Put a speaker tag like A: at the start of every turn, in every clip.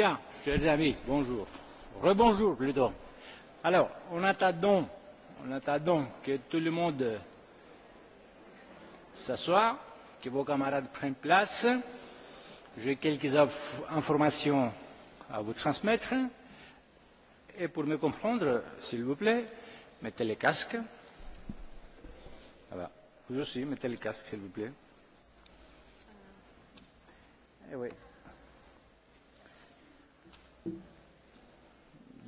A: Bien, chers amis, bonjour. Rebonjour, plutôt Alors, on attendons on attendons que tout le monde s'assoie, que vos camarades prennent place. J'ai quelques informations à vous transmettre. Et pour me comprendre, s'il vous plaît, mettez les casques. Voilà. Ah vous aussi, mettez les casques, s'il vous plaît. et euh, eh oui.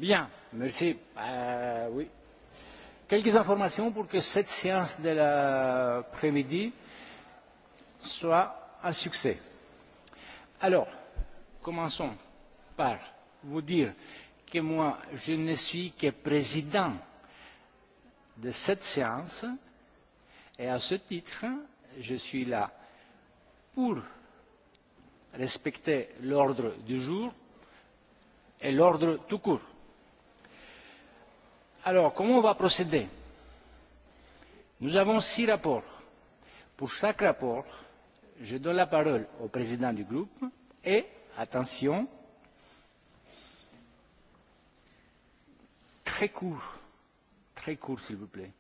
A: Bien, merci. Euh, oui. Quelques informations pour que cette séance de l'après-midi soit un succès. Alors, commençons par vous dire que moi, je ne suis que président de cette séance et à ce titre, je suis là pour respecter l'ordre du jour et l'ordre tout court Alors, comment on va procéder Nous avons six rapports. Pour chaque rapport, je donne la parole au président du groupe et, attention, très court, très court s'il vous plaît.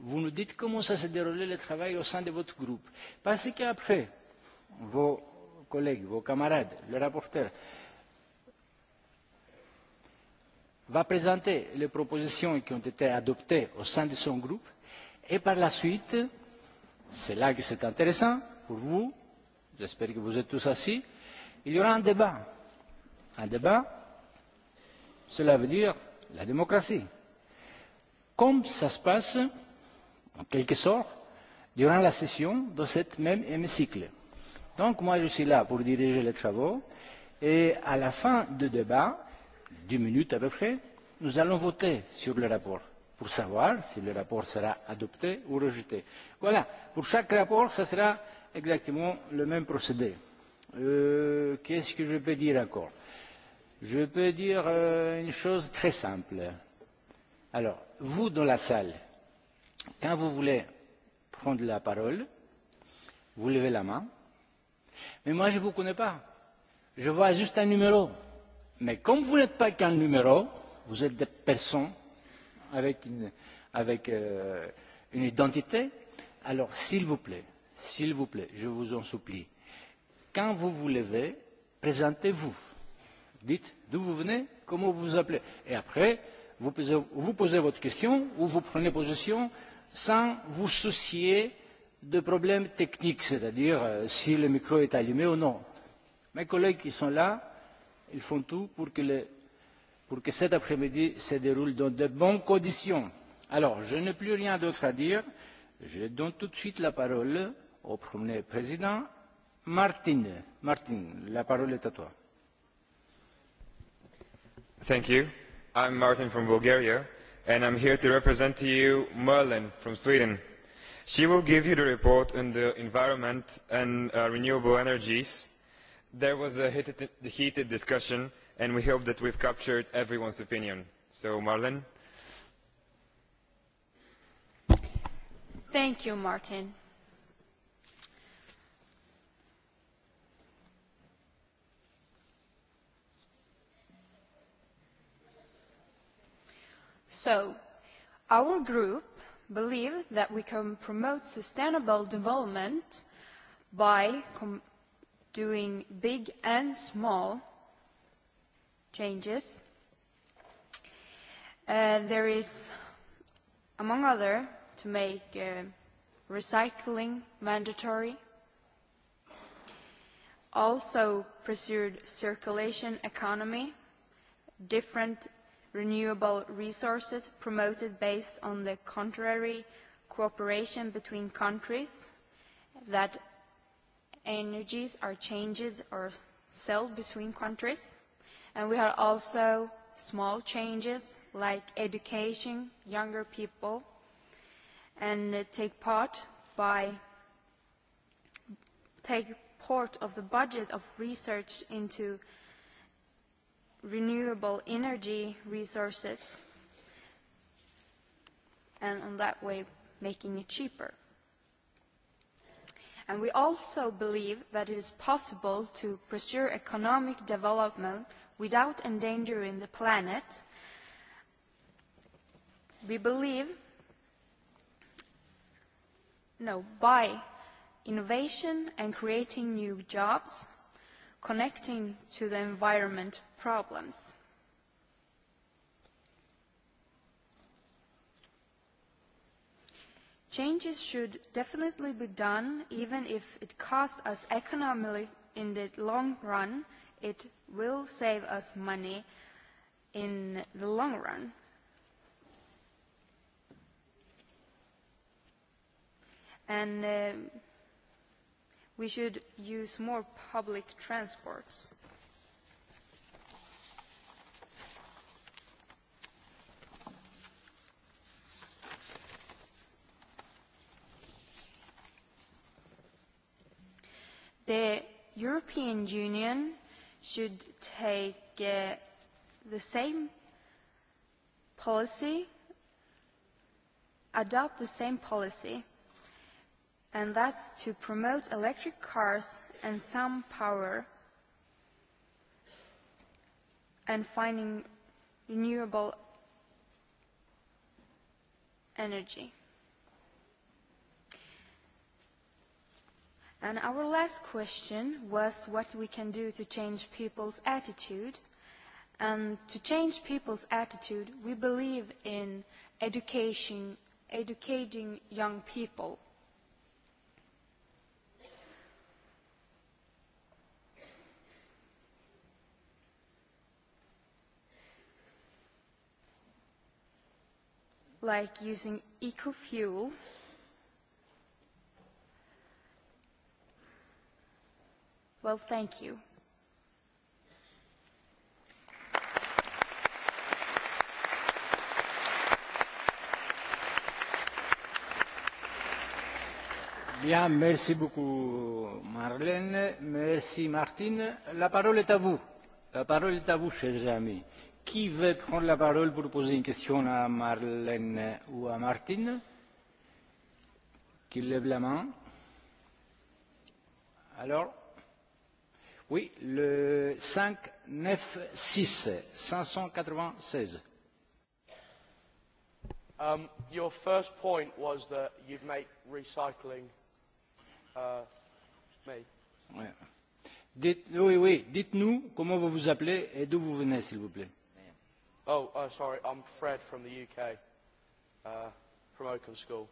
A: Vous nous dites comment ça s'est déroulé le travail au sein de votre groupe. Parce qu'après, vos collègues, vos camarades, le rapporteur, va présenter les propositions qui ont été adoptées au sein de son groupe et par la suite, c'est là que c'est intéressant pour vous, j'espère que vous êtes tous assis, il y aura un débat. Un débat, cela veut dire la démocratie. Comme ça se passe, en quelque sorte, durant la session de ce même hémicycle. Donc moi je suis là pour diriger les travaux et à la fin du débat, deux minutes à peu près, nous allons voter sur le rapport pour savoir si le rapport sera adopté ou rejeté. Voilà, pour chaque rapport, ce sera exactement le même procédé. Euh, Qu'est-ce que je peux dire encore Je peux dire euh, une chose très simple. Alors, vous dans la salle, quand vous voulez prendre la parole, vous levez la main. Mais moi, je ne vous connais pas. Je vois juste un numéro. Mais comme vous n'êtes pas qu'un numéro, vous êtes des personnes avec une, avec, euh, une identité, alors s'il vous plaît, s'il vous plaît, je vous en supplie, quand vous vous levez, présentez-vous. Dites d'où vous venez, comment vous vous appelez. Et après, vous posez, vous posez votre question ou vous prenez position sans vous soucier de problèmes techniques, c'est-à-dire euh, si le micro est allumé ou non. Mes collègues qui sont là, Ils font tout pour que, le, pour que cet après-midi se déroule dans de bonnes conditions. Alors, je n'ai plus rien d'autre à dire. Je donne tout de suite la parole au premier président, Martin. Martin, la parole est à toi.
B: Thank you. I'm Martin from Bulgaria, and I'm here to represent to you Merlin from Sweden. She will give you the report on the environment and uh, renewable energies there was a heated discussion and we hope that we have captured everyone's opinion. so marlene.
C: thank you martin. so our group believes that we can promote sustainable development by com- doing big and small changes. Uh, there is, among other, to make uh, recycling mandatory, also pursued circulation economy, different renewable resources promoted based on the contrary cooperation between countries that energies are changed or sold between countries. And we have also small changes like education, younger people, and uh, take part by take part of the budget of research into renewable energy resources and on that way making it cheaper. And we also believe that it is possible to pursue economic development without endangering the planet. We believe, no, by innovation and creating new jobs, connecting to the environment problems. Changes should definitely be done, even mm-hmm. if it costs us economically in the long run. It will save us money in the long run. And uh, we should use more public transports. the European Union should take uh, the same policy, adopt the same policy, and that's to promote electric cars and some power and finding renewable energy. And our last question was what we can do to change people's attitude. And to change people's attitude, we believe in education, educating young people. Like using eco-fuel Well, thank you.
A: Bien, merci beaucoup Marlène, merci Martine. La parole est à vous. La parole est à vous, chers amis. Qui veut prendre la parole pour poser une question à Marlène ou à Martine Qui lève la main Alors Oui, le 5, 9, 6, 596.
D: Um, your first point was that you'd make recycling uh, me.
A: Ouais. Dites, oui, oui, dites-nous comment vous vous appelez et d'où vous venez, s'il vous plaît.
D: Oh, uh, sorry, I'm Fred from the UK, uh, from Oakham School.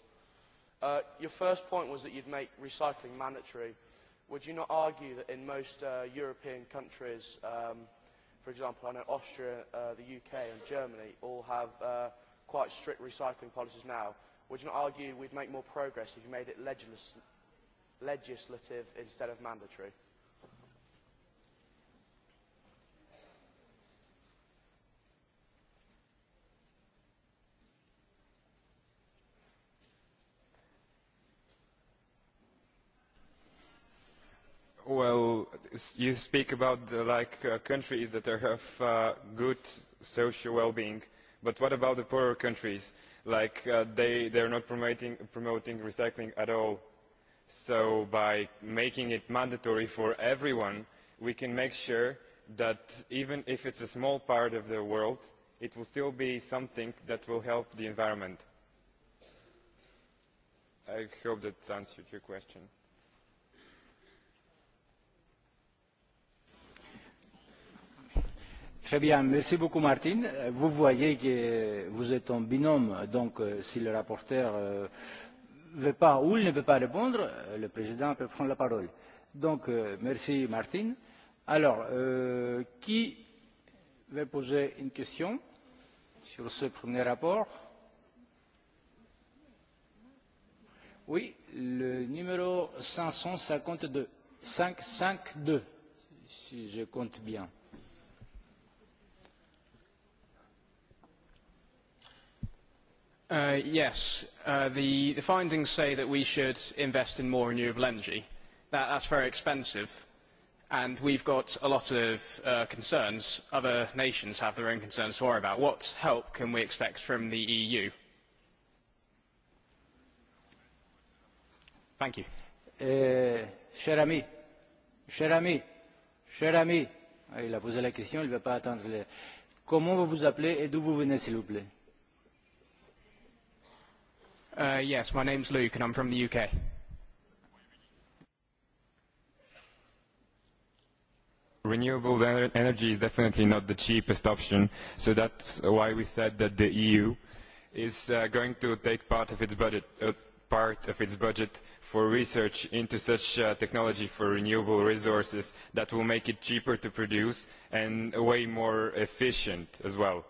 D: Uh, your first point was that you'd make recycling mandatory. Uh, would you not argue that in most uh, European countries, um, for example, I know Austria, uh, the UK and Germany all have uh, quite strict recycling policies now. Would you not argue we'd make more progress if you made it legis legislative instead of mandatory?
B: Well, you speak about uh, like uh, countries that have uh, good social well-being, but what about the poorer countries? Like uh, they are not promoting promoting recycling at all. So by making it mandatory for everyone, we can make sure that even if it's a small part of the world, it will still be something that will help the environment. I hope that answered your question.
A: Très bien, merci beaucoup Martine. Euh, vous voyez que vous êtes en binôme, donc euh, si le rapporteur ne euh, veut pas ou il ne peut pas répondre, le président peut prendre la parole. Donc merci Martine. Alors, euh, qui veut poser une question sur ce premier rapport Oui, le numéro 552. 552, si je compte bien. Uh, yes. Uh, the,
D: the findings say that we should invest in more renewable energy. That, that's very expensive, and we've got a lot of uh, concerns. Other nations have their own concerns to worry about. What help can we expect from the EU?
A: Thank you. Uh, cher ami, cher ami, cher ami. Ah, il a posé la question, il ne va pas attendre. Le... Comment vous vous appelez et d'où vous venez, s'il vous plaît
D: Uh, yes, my name's Luke and I'm from the UK.
B: Renewable energy is definitely not the cheapest option, so that's why we said that the EU is uh, going to take part of its budget, uh, part of its budget for research into such uh, technology for renewable resources that will make it cheaper to produce and way more efficient as well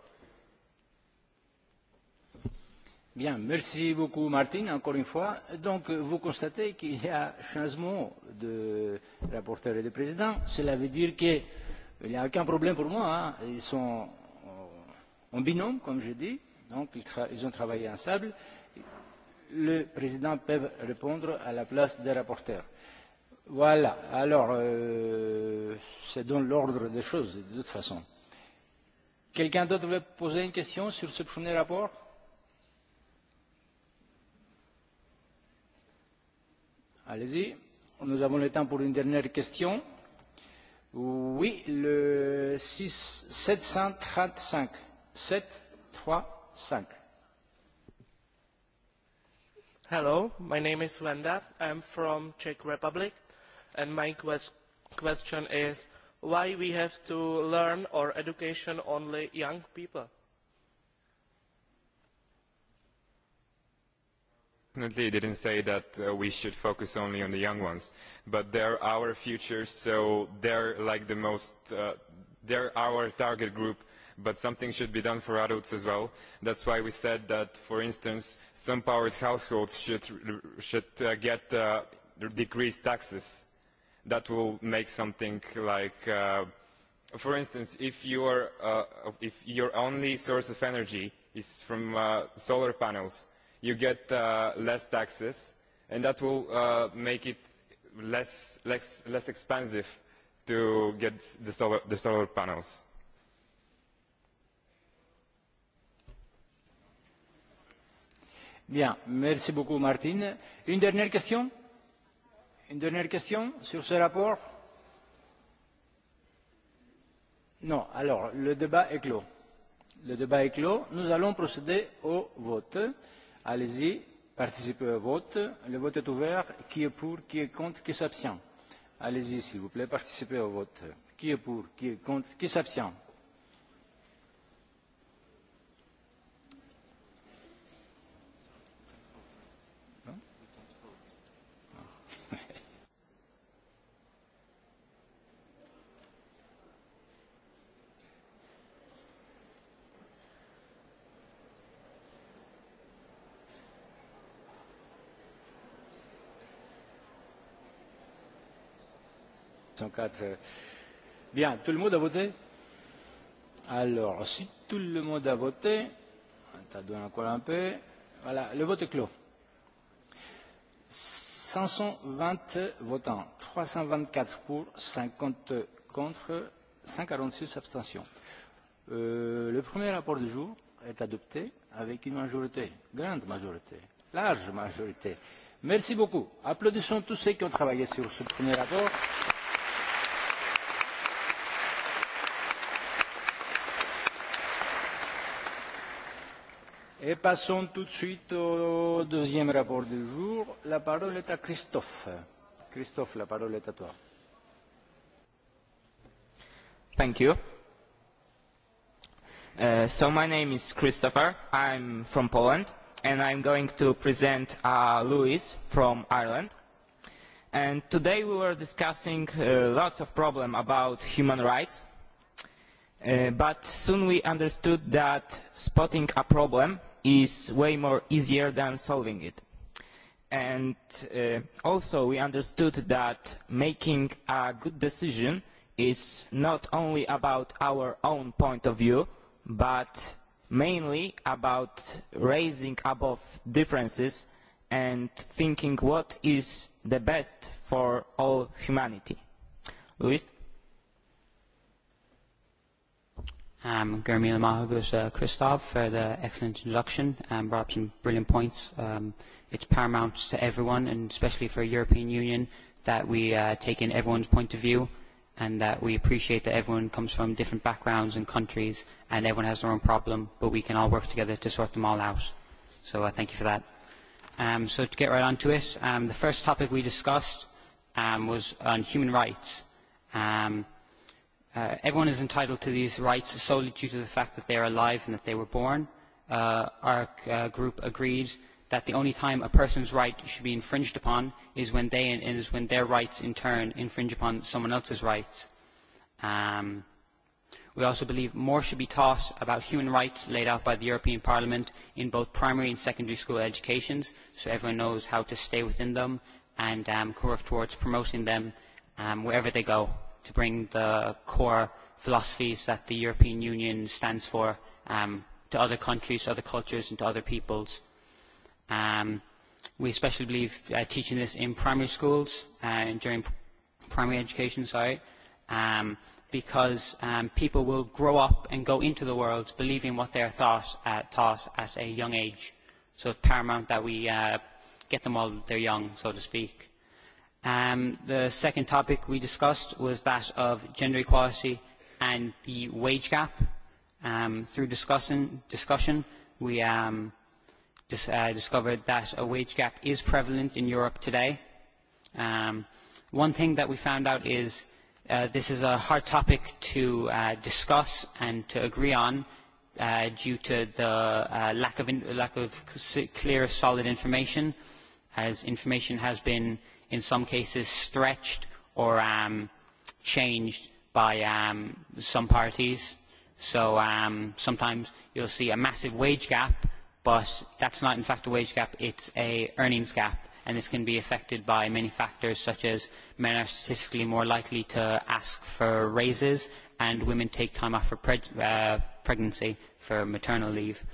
A: Bien, merci beaucoup Martine, encore une fois. Donc vous constatez qu'il y a changement de rapporteur et de président. Cela veut dire qu'il n'y a aucun problème pour moi. Hein. Ils sont en binôme, comme je dis. Donc ils, ils ont travaillé ensemble. Le président peut répondre à la place des rapporteurs. Voilà. Alors, euh, c'est dans l'ordre des choses, de toute façon. Quelqu'un d'autre veut poser une question sur ce premier rapport Allez-y. Nous avons le temps pour une dernière question. Oui, le 6, 735. 7, 3, 5.
E: Hello, my name is Venda. I'm from Czech Republic, and my quest question is why we have to learn or education only young people?
B: definitely didn't say that uh, we should focus only on the young ones, but they're our future, so they're like the most, uh, they're our target group, but something should be done for adults as well. That's why we said that, for instance, some powered households should, should uh, get uh, decreased taxes. That will make something like, uh, for instance, if, you are, uh, if your only source of energy is from uh, solar panels, you get uh, less taxes, and that will uh, make it less, less, less expensive to get the solar, the solar panels.
A: Bien, merci beaucoup Martine. Une dernière question Une dernière question sur ce rapport Non, alors le débat est clos. Le débat est clos. Nous allons procéder au vote. Allez-y, participez au vote. Le vote est ouvert. Qui est pour Qui est contre Qui s'abstient Allez-y, s'il vous plaît, participez au vote. Qui est pour Qui est contre Qui s'abstient quatre. Euh, bien, tout le monde a voté Alors, si tout le monde a voté, ça donne encore un peu. Voilà, le vote est clos. 520 votants, 324 pour, 50 contre, 146 abstentions. Euh, le premier rapport du jour est adopté avec une majorité, grande majorité, large majorité. Merci beaucoup. Applaudissons tous ceux qui ont travaillé sur ce premier rapport. Et passons tout de suite au deuxième rapport du jour. La parole est à Christophe. Christophe, la parole est à toi.
F: Thank you.
G: Uh, so my name is Christopher. I'm from Poland, and I'm going to present uh, Louis from Ireland. And today we were discussing uh, lots of problems about human rights, uh, but soon we understood that spotting a problem is way more easier than solving it. And uh, also we understood that making a good decision is not only about our own point of view, but mainly about raising above differences and thinking what is the best for all humanity.
H: Luis? um, Gurmil Mahagus uh, Christov for the excellent introduction and um, brought up some brilliant points. Um, it's paramount to everyone and especially for European Union that we uh, take in everyone's point of view and that we appreciate that everyone comes from different backgrounds and countries and everyone has their own problem but we can all work together to sort them all out. So uh, thank you for that. Um, so to get right on to it, um, the first topic we discussed um, was on human rights. Um, Uh, everyone is entitled to these rights solely due to the fact that they are alive and that they were born. Uh, our uh, group agreed that the only time a person's right should be infringed upon is when, they, is when their rights in turn infringe upon someone else's rights. Um, we also believe more should be taught about human rights laid out by the European Parliament in both primary and secondary school educations, so everyone knows how to stay within them and um, work towards promoting them um, wherever they go to bring the core philosophies that the European Union stands for um, to other countries, other cultures and to other peoples. Um, we especially believe uh, teaching this in primary schools, uh, during primary education, sorry, um, because um, people will grow up and go into the world believing what they are thought, uh, taught at a young age. So it's paramount that we uh, get them while they're young, so to speak. Um, the second topic we discussed was that of gender equality and the wage gap. Um, through discussion, discussion we um, dis, uh, discovered that a wage gap is prevalent in Europe today. Um, one thing that we found out is uh, this is a hard topic to uh, discuss and to agree on uh, due to the uh, lack of, in, lack of clear, solid information, as information has been in some cases stretched or um, changed by um, some parties. So um, sometimes you'll see a massive wage gap, but that's not in fact a wage gap, it's a earnings gap. And this can be affected by many factors such as men are statistically more likely to ask for raises and women take time off for preg uh, pregnancy for maternal leave.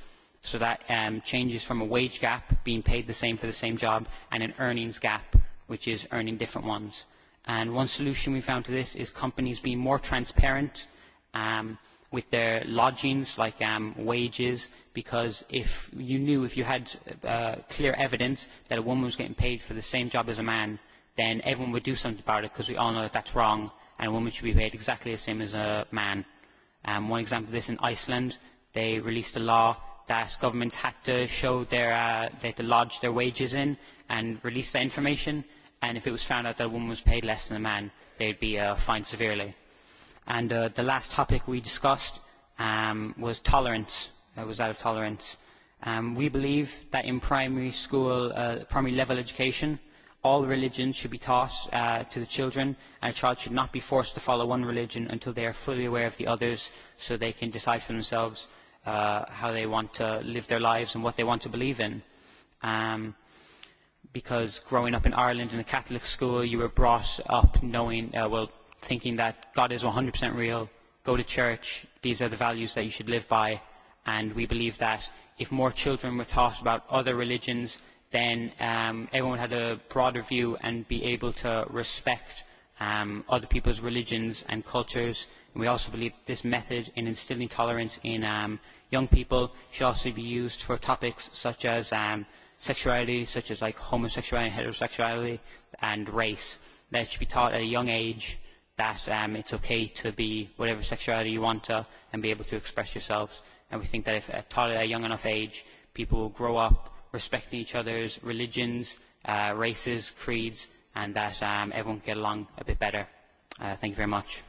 H: So that um, changes from a wage gap, being paid the same for the same job, and an earnings gap, which is earning different ones. And one solution we found to this is companies being more transparent um, with their lodgings, like um, wages, because if you knew, if you had uh, clear evidence that a woman was getting paid for the same job as a man, then everyone would do something about it because we all know that that's wrong and a woman should be paid exactly the same as a man. Um, one example of this in Iceland, they released a law that governments had to show their, uh, they had to lodge their wages in and release that information and if it was found out that a woman was paid less than a man, they'd be uh, fined severely. And uh, the last topic we discussed um, was tolerance, uh, was out of tolerance. Um, we believe that in primary school, uh, primary level education, all religions should be taught uh, to the children, and a child should not be forced to follow one religion until they are fully aware of the others, so they can decide for themselves uh, how they want to live their lives and what they want to believe in. Um, because growing up in Ireland in a Catholic school, you were brought up knowing, uh, well, thinking that God is 100% real, go to church, these are the values that you should live by. And we believe that if more children were taught about other religions, then um, everyone had a broader view and be able to respect um, other people's religions and cultures. And we also believe that this method in instilling tolerance in um, young people should also be used for topics such as um, sexuality, such as like homosexuality, heterosexuality, and race. That it should be taught at a young age that um, it's okay to be whatever sexuality you want to and be able to express yourselves. And we think that if uh, taught at a young enough age, people will grow up respecting each other's religions, uh, races, creeds, and that um, everyone can get along a bit better. Uh, thank you very much.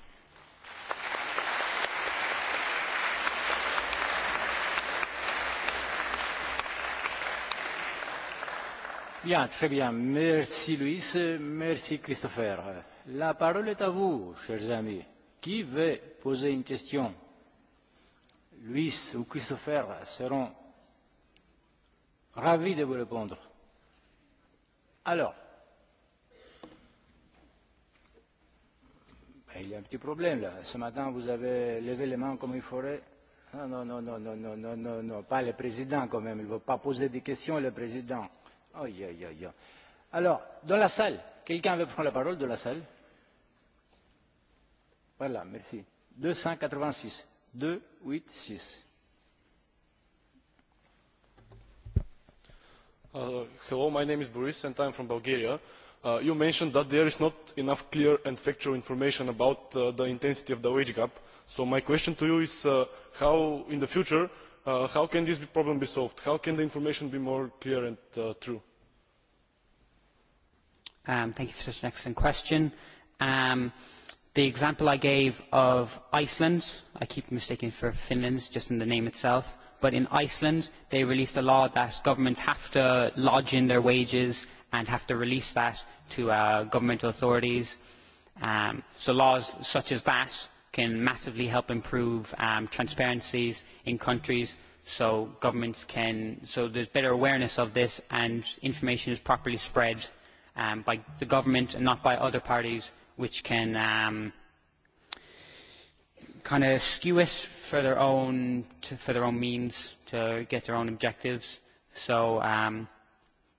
A: Bien, très bien. Merci Louis, merci Christopher. La parole est à vous, chers amis. Qui veut poser une question Louis ou Christopher seront ravis de vous répondre. Alors, il y a un petit problème là. Ce matin, vous avez levé les mains comme il faudrait. Ah, non, non, non, non, non, non, non, non, non, pas le président quand même. Il ne veut pas poser des questions, le président. Aïe, aïe, aïe. Alors, dans la salle, quelqu'un veut prendre la parole de la salle Voilà, merci. 286. 286.
I: Uh, hello, my name is Boris and I'm from Bulgaria. Uh, you mentioned that there is not enough clear and factual information about uh, the intensity of the wage gap. So my question to you is uh, how in the future, uh, how can this problem be solved? How can the information be more clear and uh, true?
H: Um, thank you for such an excellent question. Um, the example I gave of Iceland, I keep mistaking for Finland, just in the name itself, but in Iceland, they released a law that governments have to lodge in their wages and have to release that to uh, governmental authorities. Um, so laws such as that can massively help improve um, transparencies in countries so governments can, so there's better awareness of this and information is properly spread um, by the government and not by other parties which can um, kind of skew it for their own to, for their own means to get their own objectives. So um,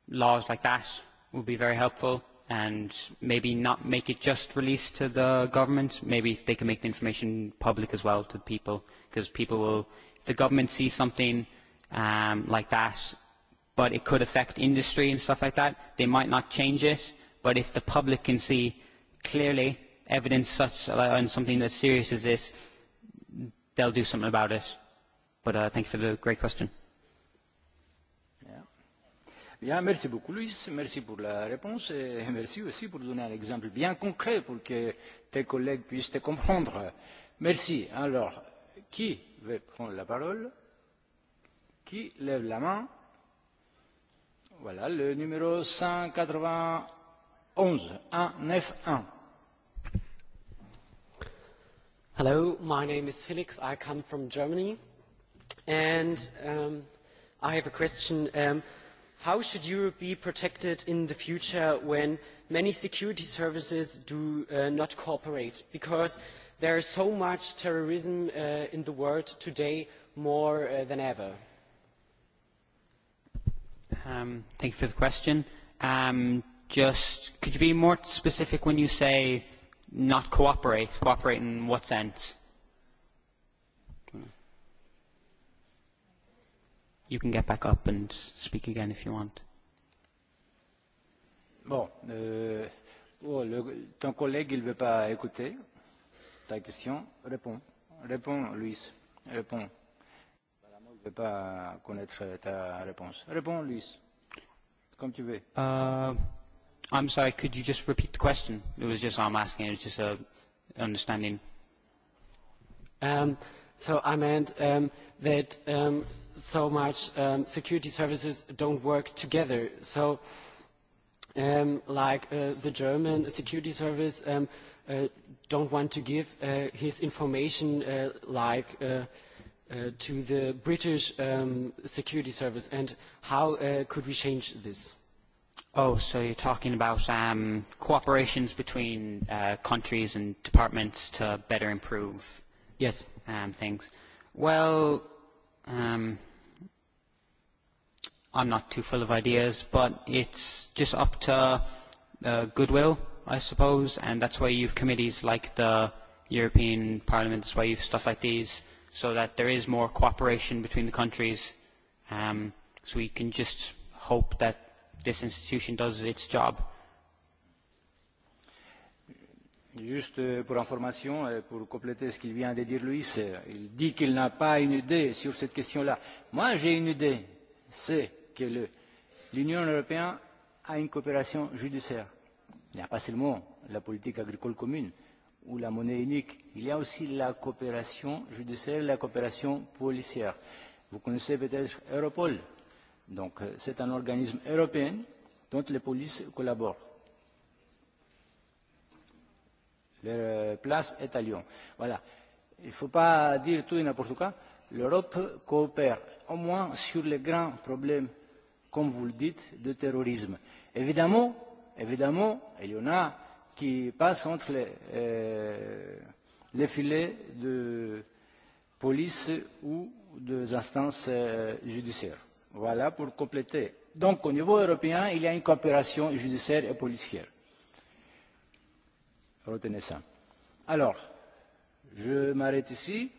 H: laws like that would be very helpful, and maybe not make it just released to the government. Maybe if they can make the information public as well to people, because people will. If the government sees something um, like that, but it could affect industry and stuff like that. They might not change it, but if the public can see clearly evidence such uh, on something as serious as this, they'll do something about it. But uh, thank you for the great question.
A: Bien, merci beaucoup, Luis. Merci pour la réponse et merci aussi pour donner un exemple bien concret pour que tes collègues puissent te comprendre. Merci. Alors, qui veut prendre la parole Qui lève la main Voilà, le numéro 191.
H: Hello, my name is Felix. I come from Germany. And um, I have a question. Um, how should Europe be protected in the future when many security services do uh, not cooperate? Because there is so much terrorism uh, in the world today more
J: uh, than ever.
H: Um, thank you for the question. Um, just could you be more specific when you say not cooperate? Cooperate in what sense? You can get back up and speak again if you want.
A: Bon, euh, oh, le, ton collègue il veut pas écouter ta question. Réponds, réponds, Luis, réponds ne peux pas connaître euh, ta réponse. Réponds, Luis, comme tu veux.
H: Uh, I'm sorry, could you just repeat the question? It was just I'm asking, it was just a understanding. Um, so I meant um, that um, so much um, security services don't work together. So, um, like uh, the German security service um, uh, don't want to give uh, his information uh, like uh, Uh, to the British um, security service and how uh, could we change this? Oh, so you're talking about um, cooperations between uh, countries and departments to better improve yes. um, things. Well, um, I'm not too full of ideas, but it's just up to uh, goodwill, I suppose, and that's why you have committees like the European Parliament, that's why you have stuff like these so that there is more cooperation between the countries. Um, so we can just hope that this institution does its job.
A: Juste uh, pour information, uh, pour compléter ce qu'il vient de dire Luis, euh, il dit qu'il n'a pas une idée sur cette question-là. Moi, j'ai une idée, c'est que l'Union européenne a une coopération judiciaire. Il n'y a pas seulement la politique agricole commune, ou la monnaie unique, il y a aussi la coopération judiciaire, la coopération policière. Vous connaissez peut-être Europol. Donc euh, c'est un organisme européen dont les polices collaborent. Leur euh, place est à Lyon. Voilà. Il ne faut pas dire tout et n'importe quoi. L'Europe coopère, au moins sur les grands problèmes, comme vous le dites, de terrorisme. Évidemment, évidemment, il y en a qui passe entre les, euh, les filets de police ou des instances euh, judiciaires. Voilà pour compléter. Donc au niveau européen, il y a une coopération judiciaire et policière. Retenez ça. Alors, je m'arrête ici.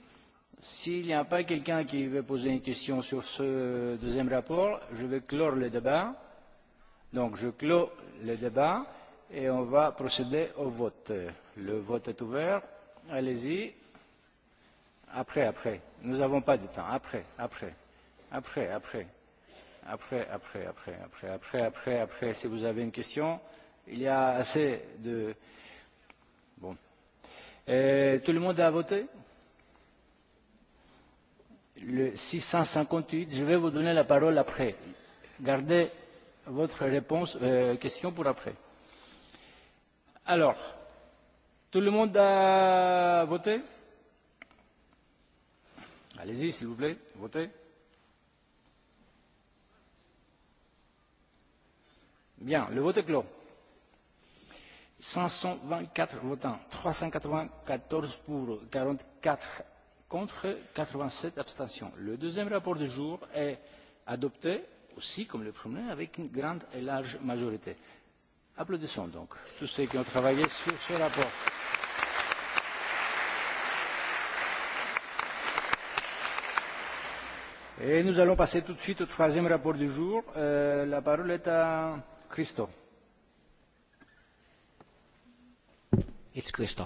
A: S'il n'y a pas quelqu'un qui veut poser une question sur ce deuxième rapport, je vais clore le débat. Donc je clôt le débat et on va procéder au vote. Le vote est ouvert. Allez-y. Après, après. Nous n'avons pas de temps. Après, après. Après, après. Après, après, après, après, après, après, après. Si vous avez une question, il y a assez de... Bon. Et euh, tout le monde a voté Le 658, je vais vous donner la parole après. Gardez votre réponse, euh, question pour après. Alors, tout le monde a voté Allez-y, s'il vous plaît, votez. Bien, le vote est clos. 524 votants, 394 pour, 44 contre, 87 abstentions. Le deuxième rapport du jour est adopté aussi comme le premier avec une grande et large majorité. Applaudissons donc tous ceux qui ont travaillé sur ce rapport. Et nous allons passer tout de suite au troisième rapport du jour. Euh, la parole est à Christo.
G: It's Christo.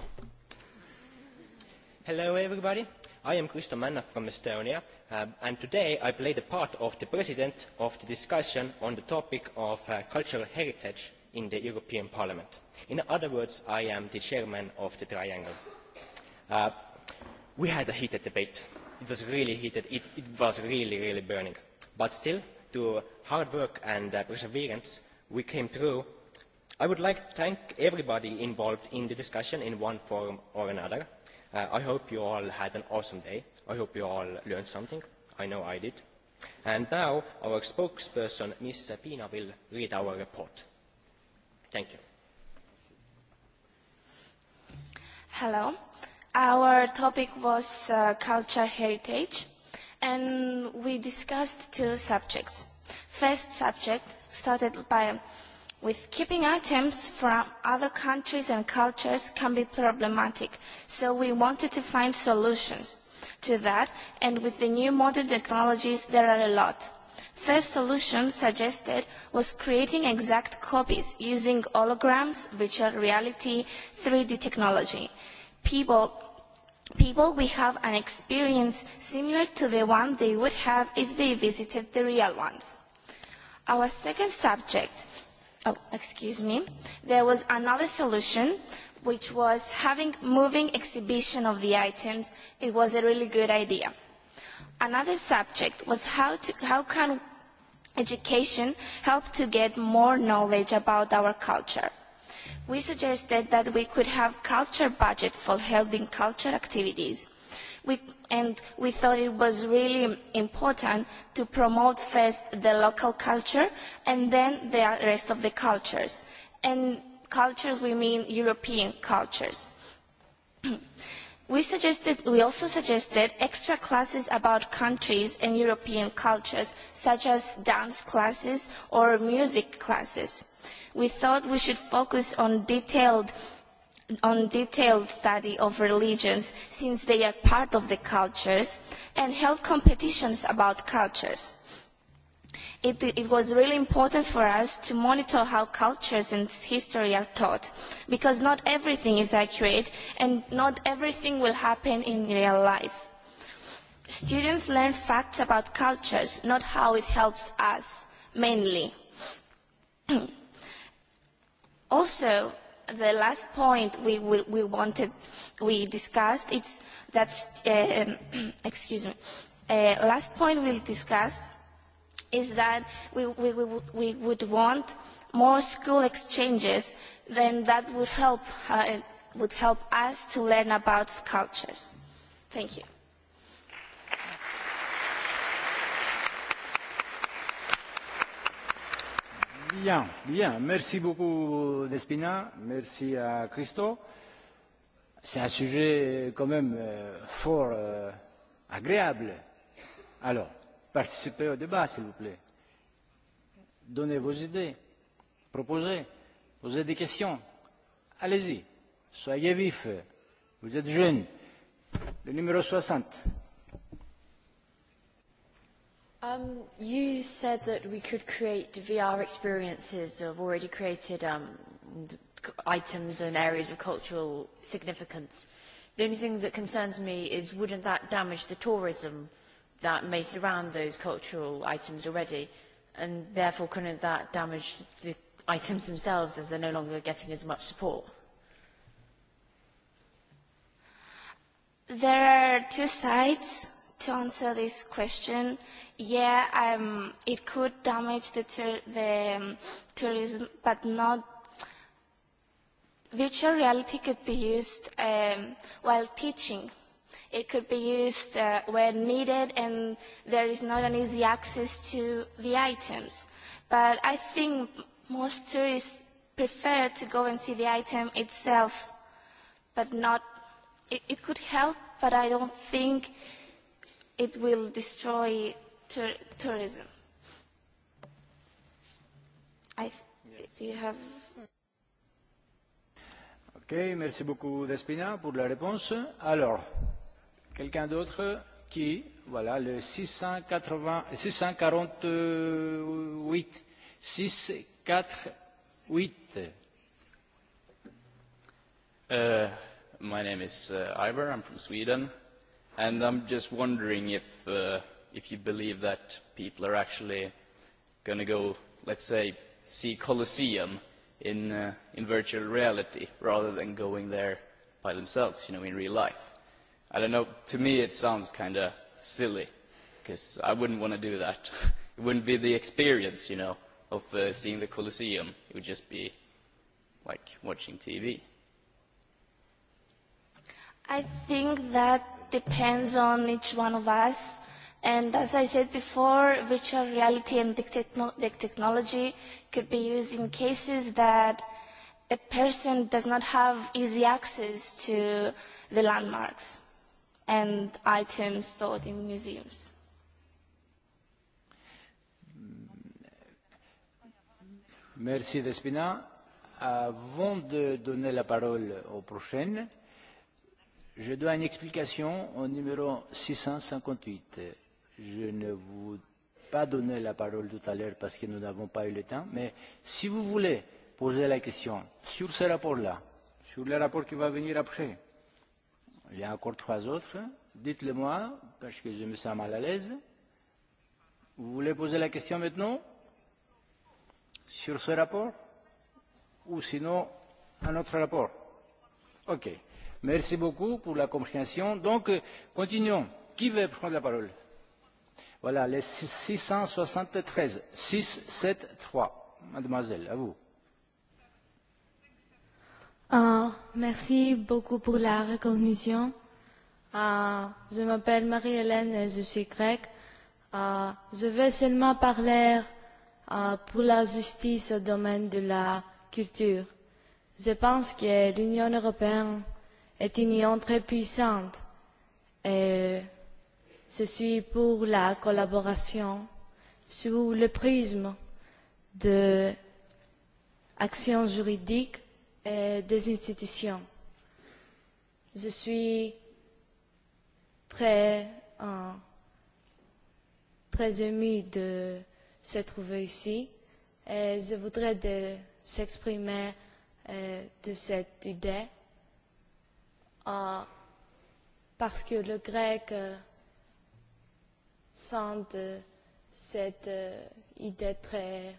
G: Hello everybody. I am Christo Manna from Estonia uh, and today I play the part of the president of the discussion on the topic of uh, cultural heritage in the European Parliament. In other words, I am the chairman of the triangle. Uh, we had a heated debate. It was really heated. It, it was really, really burning. But still, through hard work and uh, perseverance, we came through. I would like to thank everybody involved in the discussion in one form or another. Uh, I hope you all had an awesome day. I hope you all learned something. I know I did. And now our spokesperson, Ms. Pina, will read our report.
K: Thank you.
L: Hello. Our topic was uh, culture heritage, and we discussed two subjects. First subject started by with keeping items from other countries and cultures can be problematic, so we wanted to find solutions to that, and with the new modern technologies, there are a lot first solution suggested was creating exact copies using holograms, virtual reality, 3D technology. People people will have an experience similar to the one they would have if they visited the real ones. Our second subject, oh, excuse me, there was another solution which was having moving exhibition of the items. It was a really good idea. Another subject was how, to, how can education help to get more knowledge about our culture. We suggested that we could have culture budget for holding culture activities. We, and we thought it was really important to promote first the local culture and then the rest of the cultures. And cultures, we mean European cultures. We, suggested, we also suggested extra classes about countries and European cultures, such as dance classes or music classes. We thought we should focus on detailed on detailed study of religions since they are part of the cultures and held competitions about cultures It, it was really important for us to monitor how cultures and history are taught, because not everything is accurate and not everything will happen in real life. Students learn facts about cultures, not how it helps us, mainly. also, the last point we, we, we wanted, we discussed, it's that, uh, excuse me, uh, last point we discussed is that we, we, we, we would want more school exchanges then that would help, uh, would help us to learn about cultures. Thank you.
A: Bien, bien. Merci beaucoup, Despina. Merci à Christo. C'est un sujet quand même euh, fort euh, agréable. Alors, Participez au débat, s'il vous plaît. Donnez vos idées, proposez, posez des questions. Allez-y, soyez vifs. Vous êtes jeunes. Le numéro 60.
M: Um, you said that we could create VR experiences of already created um, items and areas of cultural significance. The only thing that concerns me is wouldn't that damage the tourism that may surround those cultural items already and therefore couldn't that damage the items themselves as they're no longer getting as much support?
L: There are two sides to answer this question. Yeah, um, it could damage the, tur the um, tourism, but not virtual reality could be used um, while teaching It could be used uh, when needed and there is not an easy access to the items. But I think most tourists prefer to go and see the item itself, but not, it, it could help, but I don't think it will destroy tur tourism. I th do you have...
A: Okay, merci beaucoup Despina pour la réponse. Alors, Quelqu'un d'autre qui voilà le 680 648 648 uh, my name is
D: uh, Ivar I'm from Sweden and I'm just wondering if uh, if you believe that people are actually going to go let's say see Colosseum in uh, in virtual reality rather than going there by themselves you know in real life I don't know, to me it sounds kind of silly, because I wouldn't want to do that. it wouldn't be the experience, you know, of uh, seeing the Colosseum. It would
F: just be like watching TV.
L: I think that depends on each one of us. And as I said before, virtual reality and the, techno the technology could be used in cases that a person does not have easy access to the landmarks and items stored in museums.
A: Merci Despina. Avant de donner la parole aux prochaines, je dois une explication au numéro 658. Je ne vous ai pas donné la parole tout à l'heure parce que nous n'avons pas eu le temps, mais si vous voulez poser la question sur ce rapport-là, sur le rapport qui va venir après, Il y a encore trois autres. Dites-le moi, parce que je me sens mal à l'aise. Vous voulez poser la question maintenant Sur ce rapport Ou sinon, un autre rapport Ok. Merci beaucoup pour la compréhension. Donc, continuons. Qui veut prendre la parole Voilà, les 673. 673. Mademoiselle, à vous.
M: Uh, merci beaucoup pour la reconnaissance. Uh, je m'appelle Marie-Hélène et je suis grecque. Uh, je vais seulement parler uh, pour la justice au domaine de la culture. Je pense que l'Union européenne est une union très puissante et je suis pour la collaboration sous le prisme de actions juridiques Euh, des institutions. Je suis très, hein, très émue de se trouver ici et je voudrais de s'exprimer euh, de cette idée euh, parce que le grec euh, sent cette euh, idée très,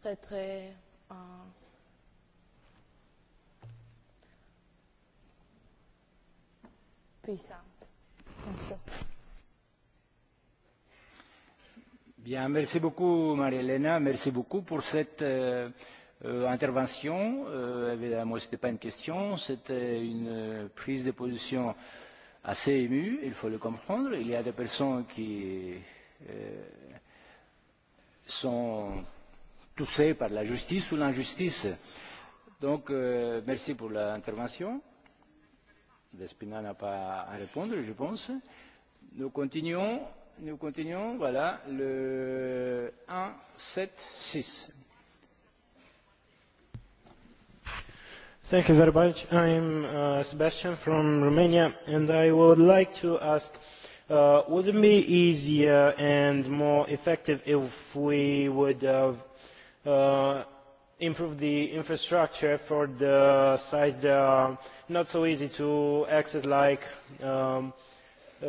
M: très, très. Euh, puissante. Merci.
A: Bien, merci beaucoup Marie-Hélène, merci beaucoup pour cette euh, euh, intervention. Euh, évidemment, ce n'était pas une question, c'était une euh, prise de position assez émue, il faut le comprendre. Il y a des personnes qui euh, sont touchées par la justice ou l'injustice. Donc, euh, merci pour l'intervention. Despina n'a pas à répondre, je pense. Nous continuons. Nous continuons. Voilà, le 1, 7, 6.
N: Thank you very much. I'm uh, Sebastian from Romania, and I would like to ask, uh, would it be easier and more effective if we would have uh, improve the infrastructure for the sites that are not so easy to access, like um,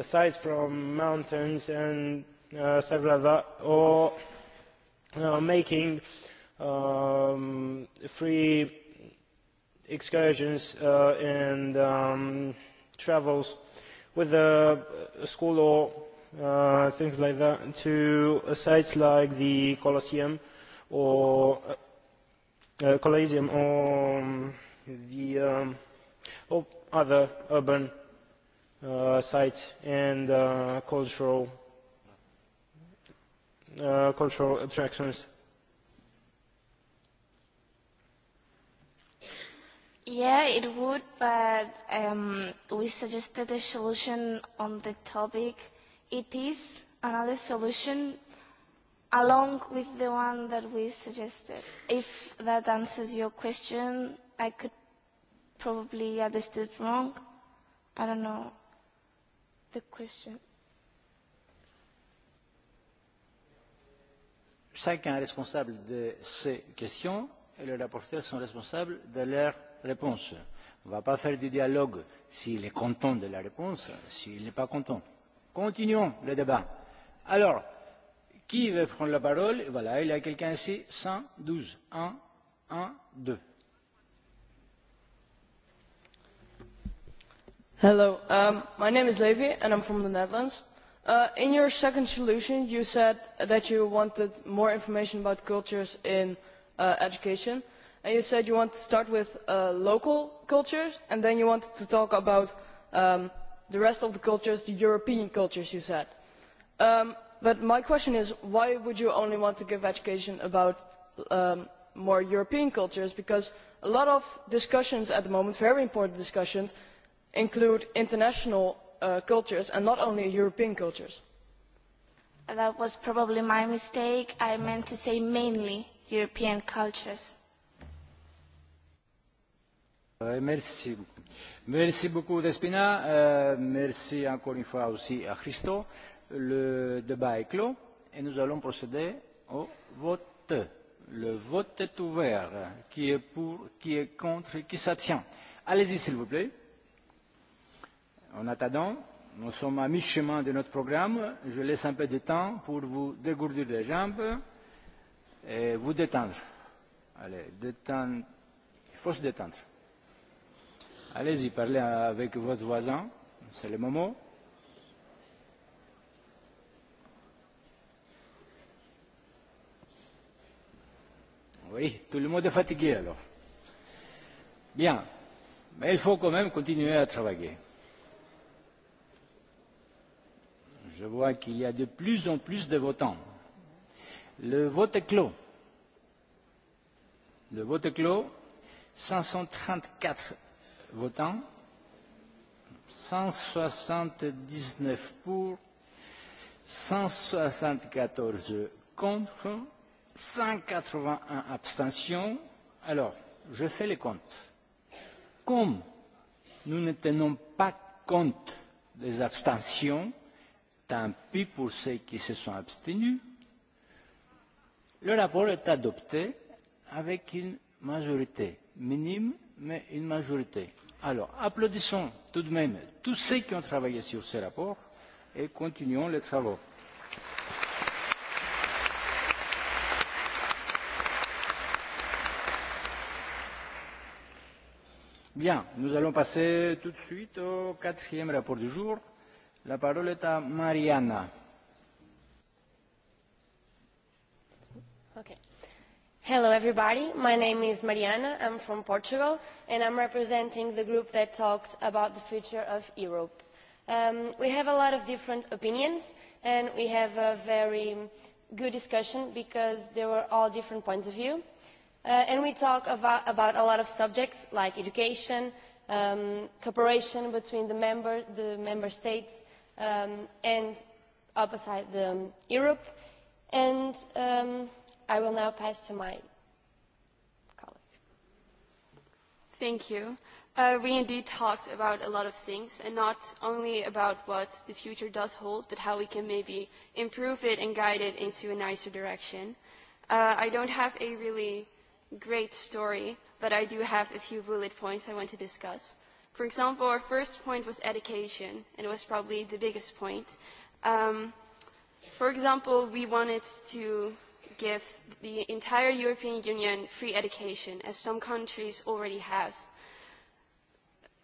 N: sites from mountains and uh, several other, or uh, making um, free excursions uh, and um, travels with the school or uh, things like that to sites like the Colosseum or uh, E, Collegium or um, the um, or other urban uh, sites and uh, cultural uh, cultural attractions.
L: Yeah, it would, but um, we suggested a solution on the topic. It is another solution along with the one that we suggested. If that answers your question, I could probably understood wrong. I don't know the question.
A: Chacun est responsable de ses questions et les rapporteurs sont responsables de leurs réponses. On ne va pas faire du dialogue s'il est content de la réponse, s'il n'est pas content. Continuons le débat. Alors, Qui veut prendre la parole Et Voilà, il y a quelqu'un ici. 112. 1,
I: 1, 2. Hello, um, my name is Levi and I'm from the Netherlands. Uh, in your second solution, you said that you wanted more information about cultures in uh, education. And you said you want to start with uh, local cultures and then you wanted to talk about um, the rest of the cultures, the European cultures, you said. Um, But my question is, why would you only want to give education about um, more European cultures? Because a lot of discussions at the moment, very important discussions, include international uh, cultures and not only European cultures.
L: That was probably my mistake. I meant to say mainly European cultures.
A: Eh, merci. Merci beaucoup, Despina. Euh, merci encore une fois aussi à Christo le débat est clos et nous allons procéder au vote. Le vote est ouvert. Qui est pour, qui est contre, et qui s'abstient Allez-y, s'il vous plaît. En attendant, nous sommes à mi-chemin de notre programme. Je laisse un peu de temps pour vous dégourdir les jambes et vous détendre. Allez, détendre. Il faut se détendre. Allez-y, parlez avec votre voisin. C'est le moment. Oui, tout le monde est fatigué alors. Bien. Mais il faut quand même continuer à travailler. Je vois qu'il y a de plus en plus de votants. Le vote est clos. Le vote est clos. 534 votants, 179 pour, 174 contre, 181 abstentions. Alors, je fais les comptes. Comme nous ne tenons pas compte des abstentions, tant pis pour ceux qui se sont abstenus, le rapport est adopté avec une majorité minime, mais une majorité. Alors, applaudissons tout de même tous ceux qui ont travaillé sur ce rapport et continuons les travaux. Bien, nous allons passer tout de suite au quatrième rapport du jour. La parole est à Mariana.
O: Okay. Hello everybody, my name is Mariana, I'm from Portugal and I'm representing the group that talked about the future of Europe. Um, we have a lot of different opinions and we have a very good discussion because there were all different points of view. Uh, Uh, and we talk about, a lot of subjects like education, um, cooperation between the member, states um, and outside um, Europe. And I will now pass to my colleague. Thank you. Uh, we indeed talked about a lot of things, and not only about what the future does hold, but how we can maybe improve it and guide it into a nicer direction. Uh, i do not have a really great story, but I do have a few bullet points I want to discuss. For example, our first point was education, and it was probably the biggest point. Um, for example, we wanted to give the entire European Union free education, as some countries already have,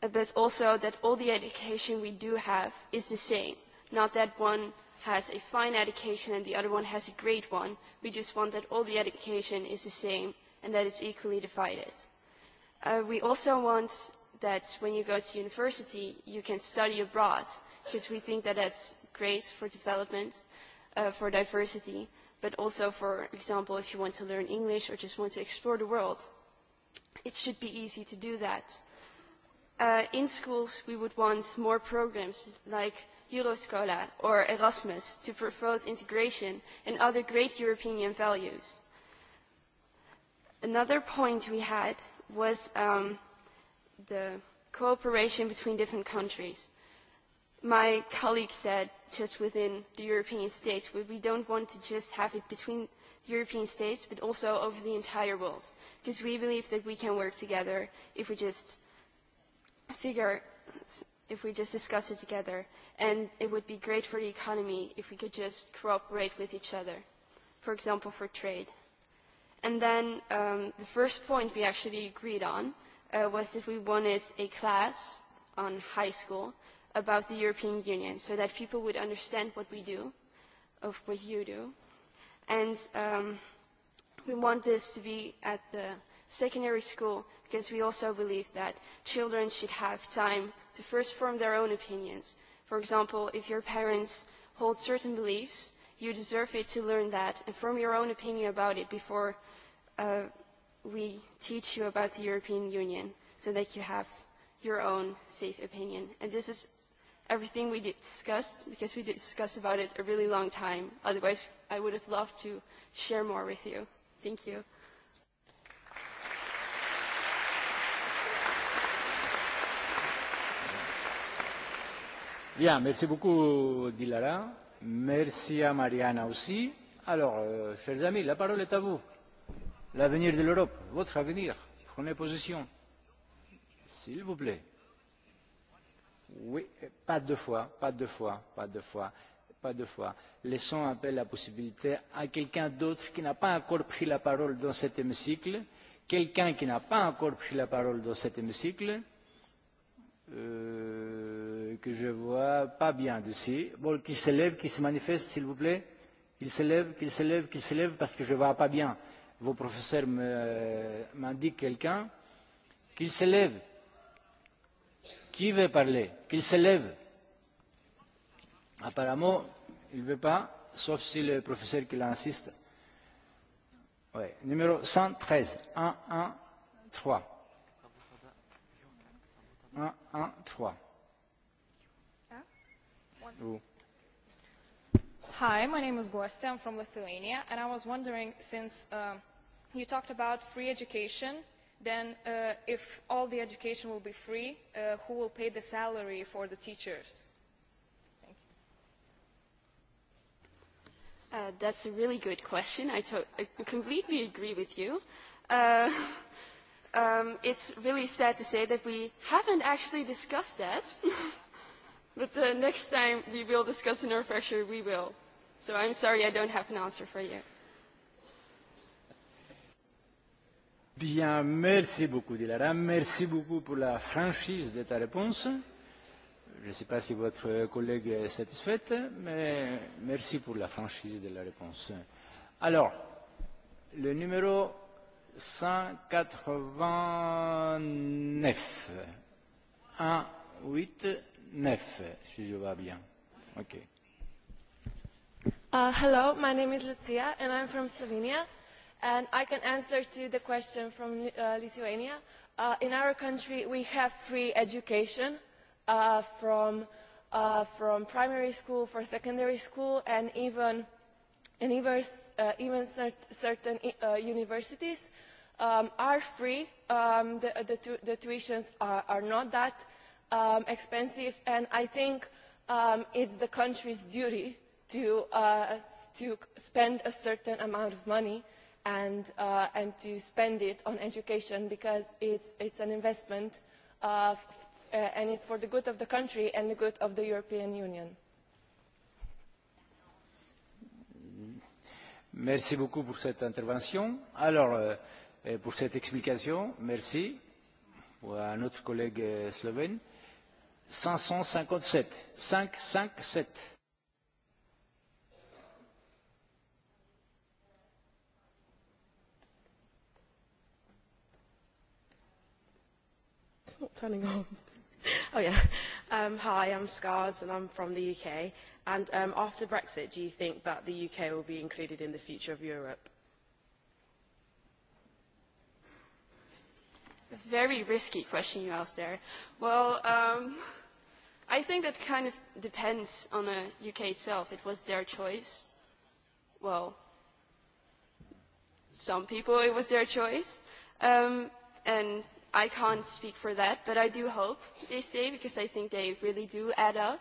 O: uh, but also that all the education we do have is the same, not that one has a fine education and the other one has a great one. We just want that all the education is the same and that it's equally divided. Uh, we also want that when you go to university, you can study abroad, because we think that that's great for development, uh, for diversity, but also, for example, if you want to learn English or just want to explore the world, it should be easy to do that. Uh, in schools, we would want more programs like Euroscola or Erasmus to promote integration and other great European values Another point we had was um, the cooperation between different countries. My colleague said just within the European states, we don't want to just have it between the European states, but also over the entire world, because we believe that we can work together if we just figure, if we just discuss it together, and it would be great for the economy if we could just cooperate with each other, for example, for trade. And then um, the first point we actually agreed on uh, was if we wanted a class on high school about the European Union so that people would understand what we do, of what you do. And um, we want this to be at the secondary school because we also believe that children should have time to first form their own opinions. For example, if your parents hold certain beliefs, you deserve it to learn that and form your own opinion about it before uh, we teach you about the European Union so that you have your own safe opinion. And this is everything we discussed because we discussed about it a really long time. Otherwise, I would have loved to share more with you. Thank you.
A: Bien, merci beaucoup, Dilara. Merci à Mariana aussi. Alors, euh, chers amis, la parole est à vous. L'avenir de l'Europe, votre avenir. Prenez position. S'il vous plaît. Oui, pas deux fois, pas deux fois, pas deux fois, pas deux fois. Laissons un peu la possibilité à quelqu'un d'autre qui n'a pas encore pris la parole dans cet hémicycle, quelqu'un qui n'a pas encore pris la parole dans cet hémicycle, euh, que je vois pas bien dessus. Bon, qu'il se lève, qu'il se manifeste, s'il vous plaît. Qu'il se lève, qu'il se lève, qu'il se lève, parce que je vois pas bien. Vos professeurs m'indiquent quelqu'un. Qu'il se lève. Qui veut parler Qu'il se lève. Apparemment, il ne veut pas, sauf si le professeur qui l'insiste. Ouais. Numéro 113. 1, 1, 3. 1, 1, 3.
P: Ooh.
C: Hi, my name is Goste. I'm from Lithuania, and I was wondering, since uh, you talked about free education, then uh, if all the education will be free, uh, who will pay the salary
K: for the teachers? Thank
O: you. Uh, that's a really good question. I, to- I completely agree with you. Uh, um, it's really sad to say that we haven't actually discussed that. But the next time we will discuss nerve pressure, we will. So I'm sorry I don't have an answer for you.
A: Bien, merci beaucoup Dilara, merci beaucoup pour la franchise de ta réponse. Je ne sais pas si votre collègue est satisfaite, mais merci pour la franchise de la réponse. Alors, le numéro 189, 1, 8,
Q: Uh, hello,
O: my name is Lucia and I'm from Slovenia. And I can answer to the question from uh, Lithuania. Uh, in our country, we have free education uh, from, uh, from primary school, for secondary school, and even, and even, uh, even cert certain uh, universities um, are free. Um, the, the, tu the tuitions are, are not that Um, expensive, and I think um, it is the country's duty uh, to, spend a certain amount of money and, uh, to spend it on education because it is an investment uh, and it is for the good of the country and the good of the European Union.
A: Merci beaucoup pour cette intervention. Euh, pour cette explication, merci à notre collègue euh, slovène. 557. 557.
I: It's not turning on. oh yeah. Um, hi, I'm Scars and I'm from the UK. And um, after Brexit, do you think that the UK will be included in the future of Europe?
O: A very risky question you asked there. Well, um, I think that kind of depends on the UK itself. It was their choice. Well, some people it was their choice. Um, and I can't speak for that, but I do hope they stay because I think they really do add up.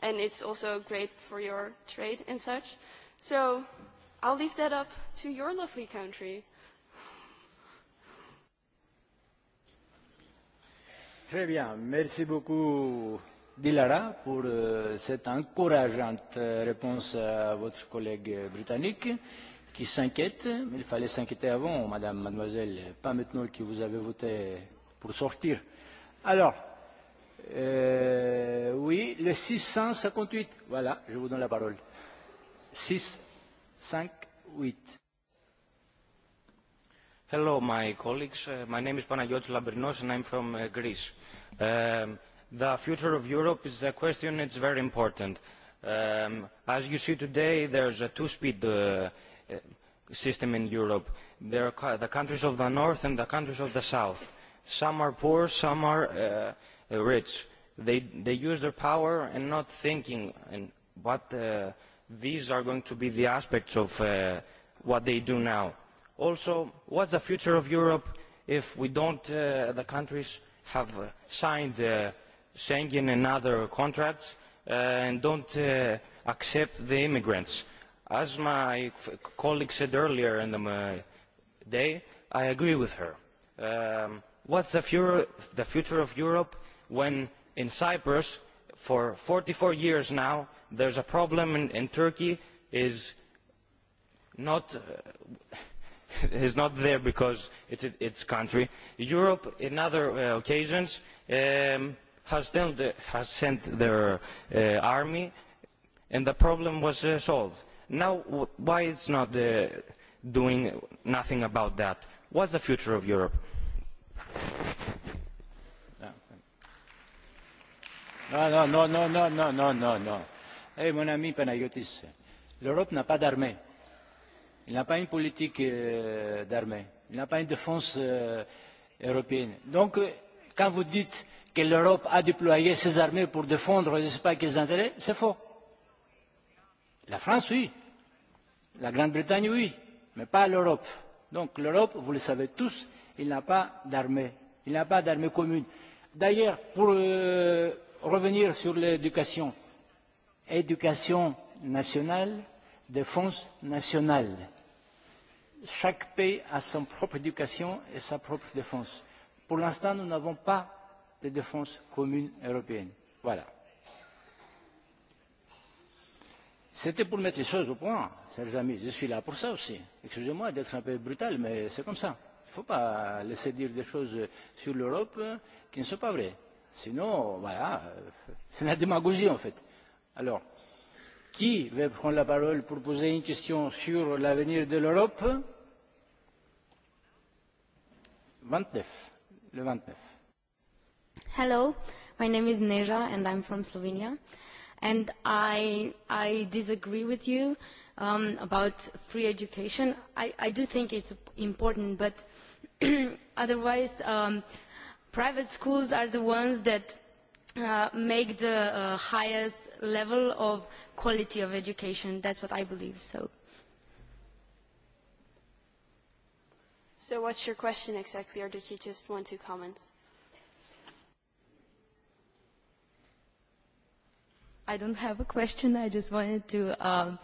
O: And it's also great for your trade and such. So I'll leave that up to your lovely country.
A: Très bien, merci beaucoup Dilara pour euh, cette encourageante euh, réponse à votre collègue britannique qui s'inquiète. Il fallait s'inquiéter avant, madame, mademoiselle, pas maintenant que vous avez voté pour sortir. Alors, euh, oui, le 658. Voilà, je vous donne la parole. 658.
G: Hello, my colleagues. Uh, my name is Panagiotis Labrinos and I'm from uh, Greece. Uh, the future of europe is a question that is very important. Um, as you see today there is a two speed uh, uh, system in europe. there are the countries of the north and the countries of the south. some are poor some are uh, rich. They, use their power and not thinking and these are going to be the aspects of what they do now. also what is the future of europe if we don't, uh, the countries have signed Schengen and other contracts uh, and do not uh, accept the immigrants. As my colleague said earlier in the uh, day, I agree with her. Um, what is the, future of Europe when in Cyprus for forty four years now there has been a problem and Turkey is not there because it is its country. Europe on other occasions um, has, the, has sent their uh, army, and the problem was uh, solved. Now, w why it's not uh, doing nothing about that? What's the future of Europe?
A: No, no, no, no, no, no, no, no. non. Hey, eh, mon ami Panayotis, l'Europe n'a pas d'armée. Il n'a pas une politique euh, d'armée. Il n'a pas une défense euh, européenne. Donc, euh, quand vous dites que l'Europe a déployé ses armées pour défendre je ne sais pas quels intérêts, c'est faux. La France, oui. La Grande-Bretagne, oui. Mais pas l'Europe. Donc l'Europe, vous le savez tous, il n'a pas d'armée. Il n'a pas d'armée commune. D'ailleurs, pour euh, revenir sur l'éducation, éducation nationale, défense nationale. Chaque pays a son propre éducation et sa propre défense. Pour l'instant, nous n'avons pas de défense commune européenne. Voilà. C'était pour mettre les choses au point, chers amis. Je suis là pour ça aussi. Excusez-moi d'être un peu brutal, mais c'est comme ça. Il ne faut pas laisser dire des choses sur l'Europe qui ne sont pas vraies. Sinon, voilà, c'est la démagogie en fait. Alors, qui veut prendre la parole pour poser une question sur l'avenir de l'Europe 29, le 29.
M: Hello, my name is Neja and I'm from Slovenia. And I, I disagree with you um, about free education. I, I do think it's important, but otherwise um, private schools are the ones that uh, make the uh, highest level of quality of education. That's what I believe. So.
O: So what's your question exactly, or did you just want to comment?
K: I don't have a question. I just wanted to um,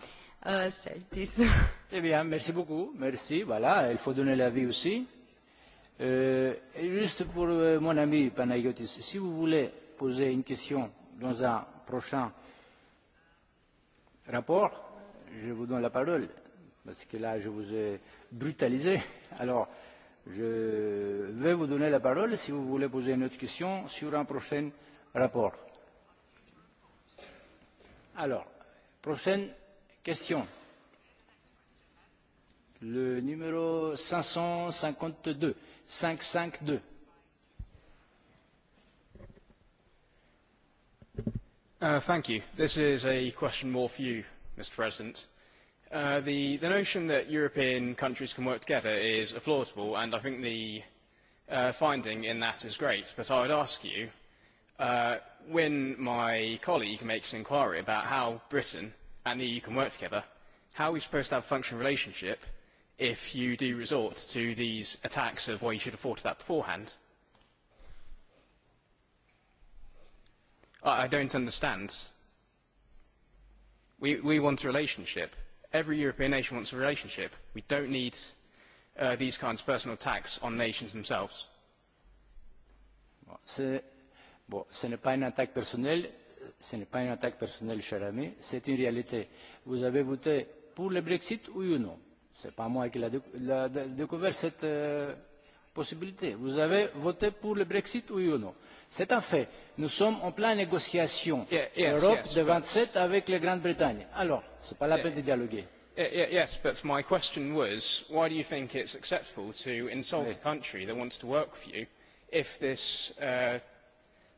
K: uh, say
A: this. eh bien, merci beaucoup. Merci. Voilà, il faut donner la vie aussi. Euh, et juste pour euh, mon ami Panayotis, si vous voulez poser une question dans un prochain rapport, je vous donne la parole, parce que là, je vous ai brutalisé. Alors, je vais vous donner la parole si vous voulez poser une autre question sur un prochain rapport. Alors, prochaine question. Le numéro 552. 552.
D: Uh, thank you. This is a question more for you, Mr. President. Uh, the, the notion that European countries can work together is applaudable, and I think the uh, finding in that is great. But I would ask you, Uh, when my colleague makes an inquiry about how Britain and the EU can work together, how are we supposed to have a functional relationship if you do resort to these attacks of, well, you should have thought of that beforehand? I, I don't understand. We, we want a relationship. Every European nation wants a relationship. We don't need uh, these kinds of personal attacks on nations themselves.
A: Se Bon, ce n'est pas une attaque personnelle, ce n'est pas une attaque personnelle, cher ami, c'est une réalité. Vous avez voté pour le Brexit, oui ou non Ce n'est pas moi qui l'ai découvert cette euh, possibilité. Vous avez voté pour le Brexit, oui ou non C'est un fait. Nous sommes en pleine négociation. Yeah, yes, L'Europe yes, de 27 but... avec la Grande-Bretagne. Alors, ce n'est pas la yeah. peine de dialoguer.
D: Yeah, yeah, Yes, but my question was, why do you think it's acceptable to insult yeah. a country that wants to work with you if this uh,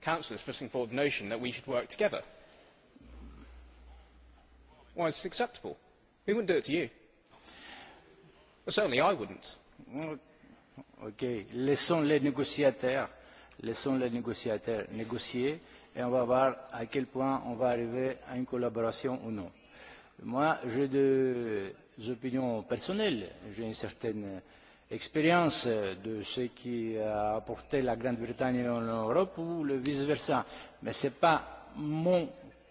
D: council is putting forward the notion that we should work together. Why is this acceptable? We wouldn't do it to you.
A: Well, certainly I wouldn't. Ok, laissons les négociateurs, laissons les négociateurs négocier et on va voir à quel point on va arriver à une collaboration ou non. Moi, j'ai des opinions personnelles, j'ai une certaine euh, expérience de ce qui a apporté la Grande-Bretagne en Europe ou le vice-versa. Mais ce n'est pas mon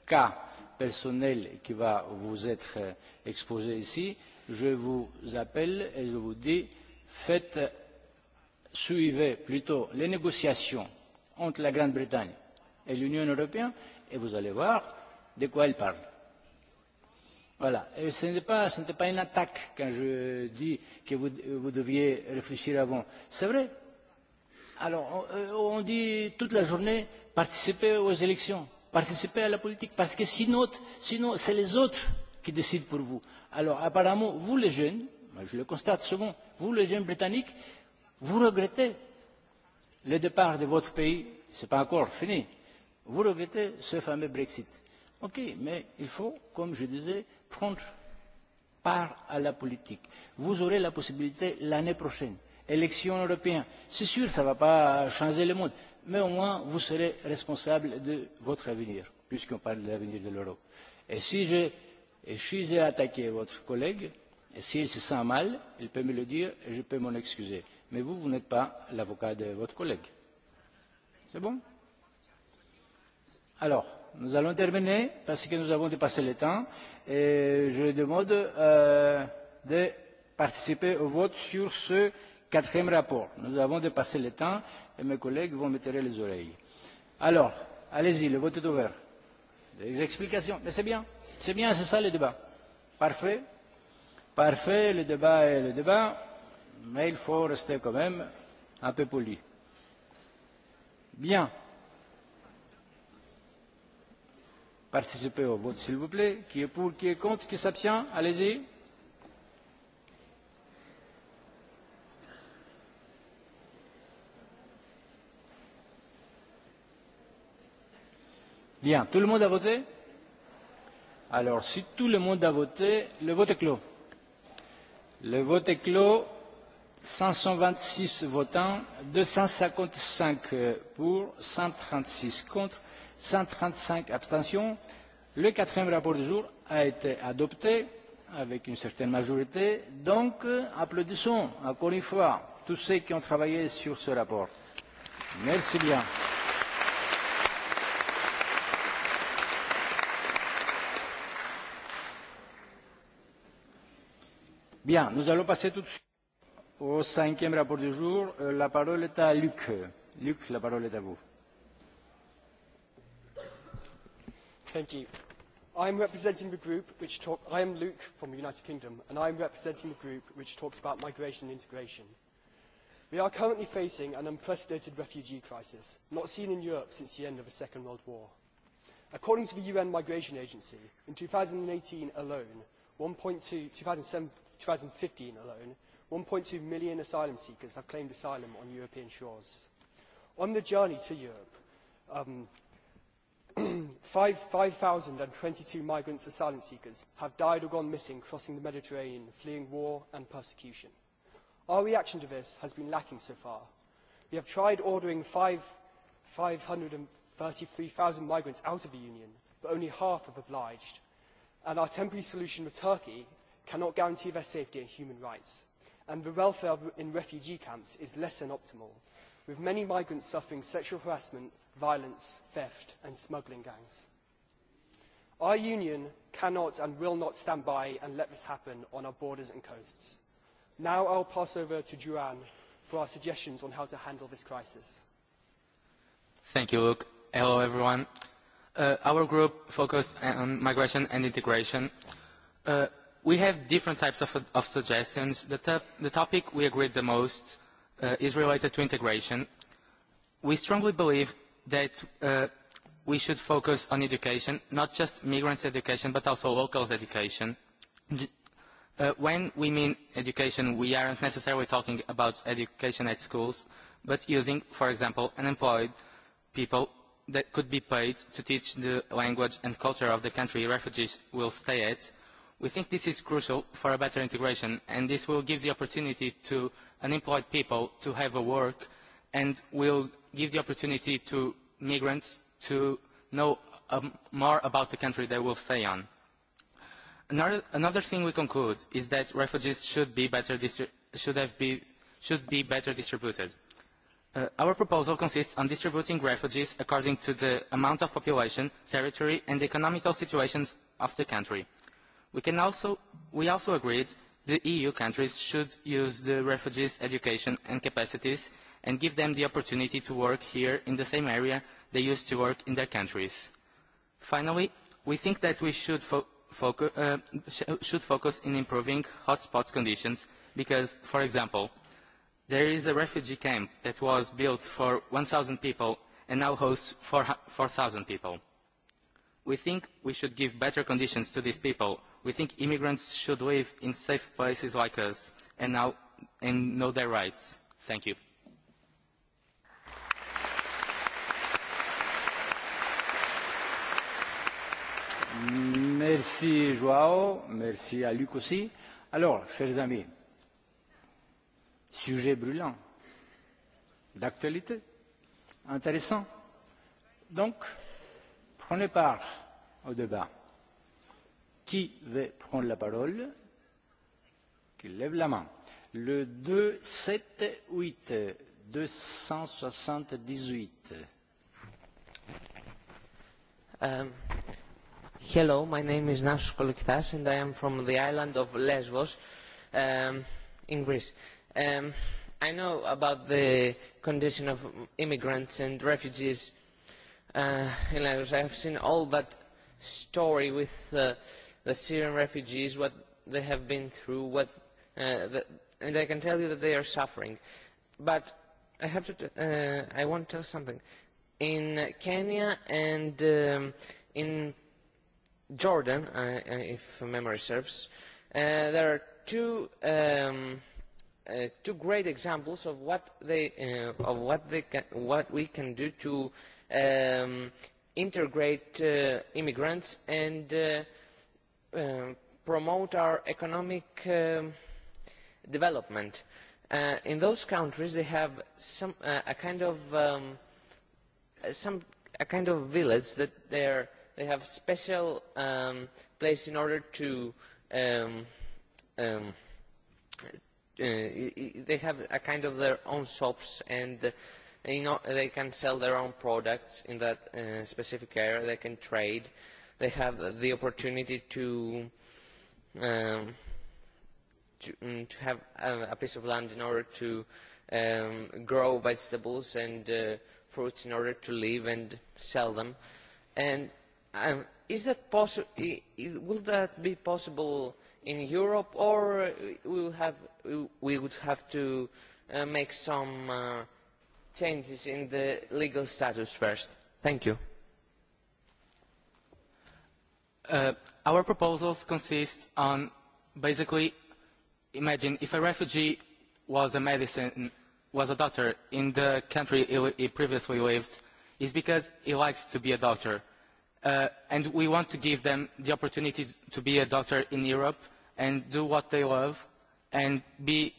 A: cas personnel qui va vous être euh, exposé ici. Je vous appelle et je vous dis, faites, suivez plutôt les négociations entre la Grande-Bretagne et l'Union européenne et vous allez voir de quoi elle parle. Voilà. Et ce n'était pas, ce n'était pas une attaque quand je dis que vous, vous deviez réfléchir avant. C'est vrai. Alors, on, euh, on dit toute la journée, participer aux élections, participer à la politique, parce que sinon, sinon c'est les autres qui décident pour vous. Alors, apparemment, vous les jeunes, je le constate souvent, vous les jeunes britanniques, vous regrettez le départ de votre pays, ce n'est pas encore fini, vous regrettez ce fameux Brexit. Ok, mais il faut, comme je disais, prendre part à la politique. Vous aurez la possibilité l'année prochaine, élection européenne. C'est sûr, ça ne va pas changer le monde, mais au moins vous serez responsable de votre avenir, puisqu'on parle de l'avenir de l'europe. Et si j'ai si attaqué votre collègue, et s'il se sent mal, il peut me le dire et je peux m'en excuser. Mais vous, vous n'êtes pas l'avocat de votre collègue. C'est bon Alors, nous allons terminer parce que nous avons dépassé le temps et je demande euh, de participer au vote sur ce quatrième rapport. Nous avons dépassé le temps et mes collègues vont me tirer les oreilles. Alors, allez-y, le vote est ouvert. Des explications, mais c'est bien, c'est bien, c'est ça le débat. Parfait, parfait, le débat est le débat, mais il faut rester quand même un peu poli. Bien. participer au vote, s'il vous plaît. Qui est pour, qui est contre, qui s'abstient Allez-y. Bien, tout le monde a voté Alors, si tout le monde a voté, le vote est clos. Le vote est clos. 526 votants, 255 euh, pour, 136 contre 135 abstentions. Le quatrième rapport du jour a été adopté avec une certaine majorité. Donc, applaudissons encore une fois tous ceux qui ont travaillé sur ce rapport. Merci bien. Bien, nous allons passer tout de suite au cinquième rapport du jour. Euh, la parole est à Luc. Luc, la parole est à vous.
J: mr president i am representing the group which talks luke from the united kingdom and i am representing the group which talks about migration and integration. we are currently facing an unprecedented refugee crisis not seen in europe since the end of the second world war. according to the un migration agency in two thousand and eighteen alone one two thousand and fifteen alone. one two million asylum seekers have claimed asylum on european shores. on the journey to europe um, five thousand and twenty two asylum seekers have died or gone missing crossing the Mediterranean, fleeing war and persecution. Our reaction to this has been lacking so far. We have tried ordering five hundred and thirty three thousand migrants out of the Union, but only half have obliged. And our temporary solution with Turkey cannot guarantee their safety and human rights. And the welfare in refugee camps is less than optimal, with many migrants suffering sexual harassment violence, theft and smuggling gangs. Our union cannot and will not stand by and let this happen on our borders and coasts. Now I'll pass over to Duran for our suggestions on how to handle this crisis.
F: Thank you, Luke. Hello, everyone. Uh, our group focused on migration and integration. Uh, we have different types of, of suggestions. The, the topic we agreed the most uh, is related to integration. We strongly believe that uh, we should focus on education, not just migrants' education, but also locals' education. Uh, when we mean education, we aren't necessarily talking about education at schools, but using, for example, unemployed people that could be paid to teach the language and culture of the country refugees will stay at. We think this is crucial for a better integration, and this will give the opportunity to unemployed people to have a work and will give the opportunity to migrants to know um, more about the country they will stay on. Another, another thing we conclude is that refugees should be better, should have be, should be better distributed. Uh, our proposal consists on distributing refugees according to the amount of population, territory and economical situations of the country. We, can also, we also agreed the EU countries should use the refugees' education and capacities and give them the opportunity to work here in the same area they used to work in their countries. Finally, we think that we should, fo focu uh, sh should focus on improving hotspots conditions because, for example, there is a refugee camp that was built for 1,000 people and now hosts 4,000 people. We think we should give better conditions to these people. We think immigrants should live in safe places like us and, now, and know their rights. Thank you.
A: Merci Joao, merci à Luc aussi. Alors, chers amis, sujet brûlant, d'actualité, intéressant. Donc, prenez part au débat. Qui veut prendre la parole Qui lève la main. Le 2, 7, 8,
P: 278. Um, Hello, my name is Nash Koliktas and I am from the island of Lesbos um, in Greece. Um, I know about the condition of immigrants and refugees uh, in Lesbos. I have seen all that story with uh, the Syrian refugees, what they have been through, what, uh, the, and I can tell you that they are suffering. But I, have to t uh, I want to tell something. In Kenya and um, in Jordan, if memory serves, uh, there are um, uh, two, great examples of what, uh, we can do to um, integrate immigrants and um, promote our economic development. in those countries, they have a kind of a kind of village that they're they have a special um, place in order to um, um, uh, they have a kind of their own shops and uh, you know, they can sell their own products in that uh, specific area. They can trade. They have the opportunity to um, to, um, to have a, a piece of land in order to um, grow vegetables and uh, fruits in order to live and sell them. And Um, will that be possible in Europe, or we we would have to uh, make some uh, changes in the legal status first?
F: Thank you. Uh, our proposals consist on basically imagine if a refugee was a medicine was a doctor in the country he, he previously lived is because he likes to be a doctor Uh, and we want to give them the opportunity to be a doctor in Europe and do what they love and be,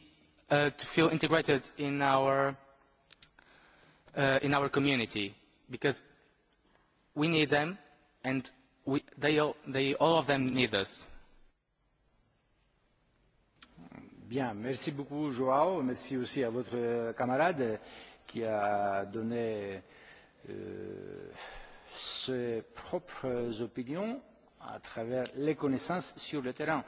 F: uh, to feel integrated in our, uh, in our community because we need them and we, they, all, they, all of them need us.
A: Bien, merci beaucoup Joao, merci aussi à votre camarade qui a donné euh, ses propres opinions à travers les connaissances sur le terrain.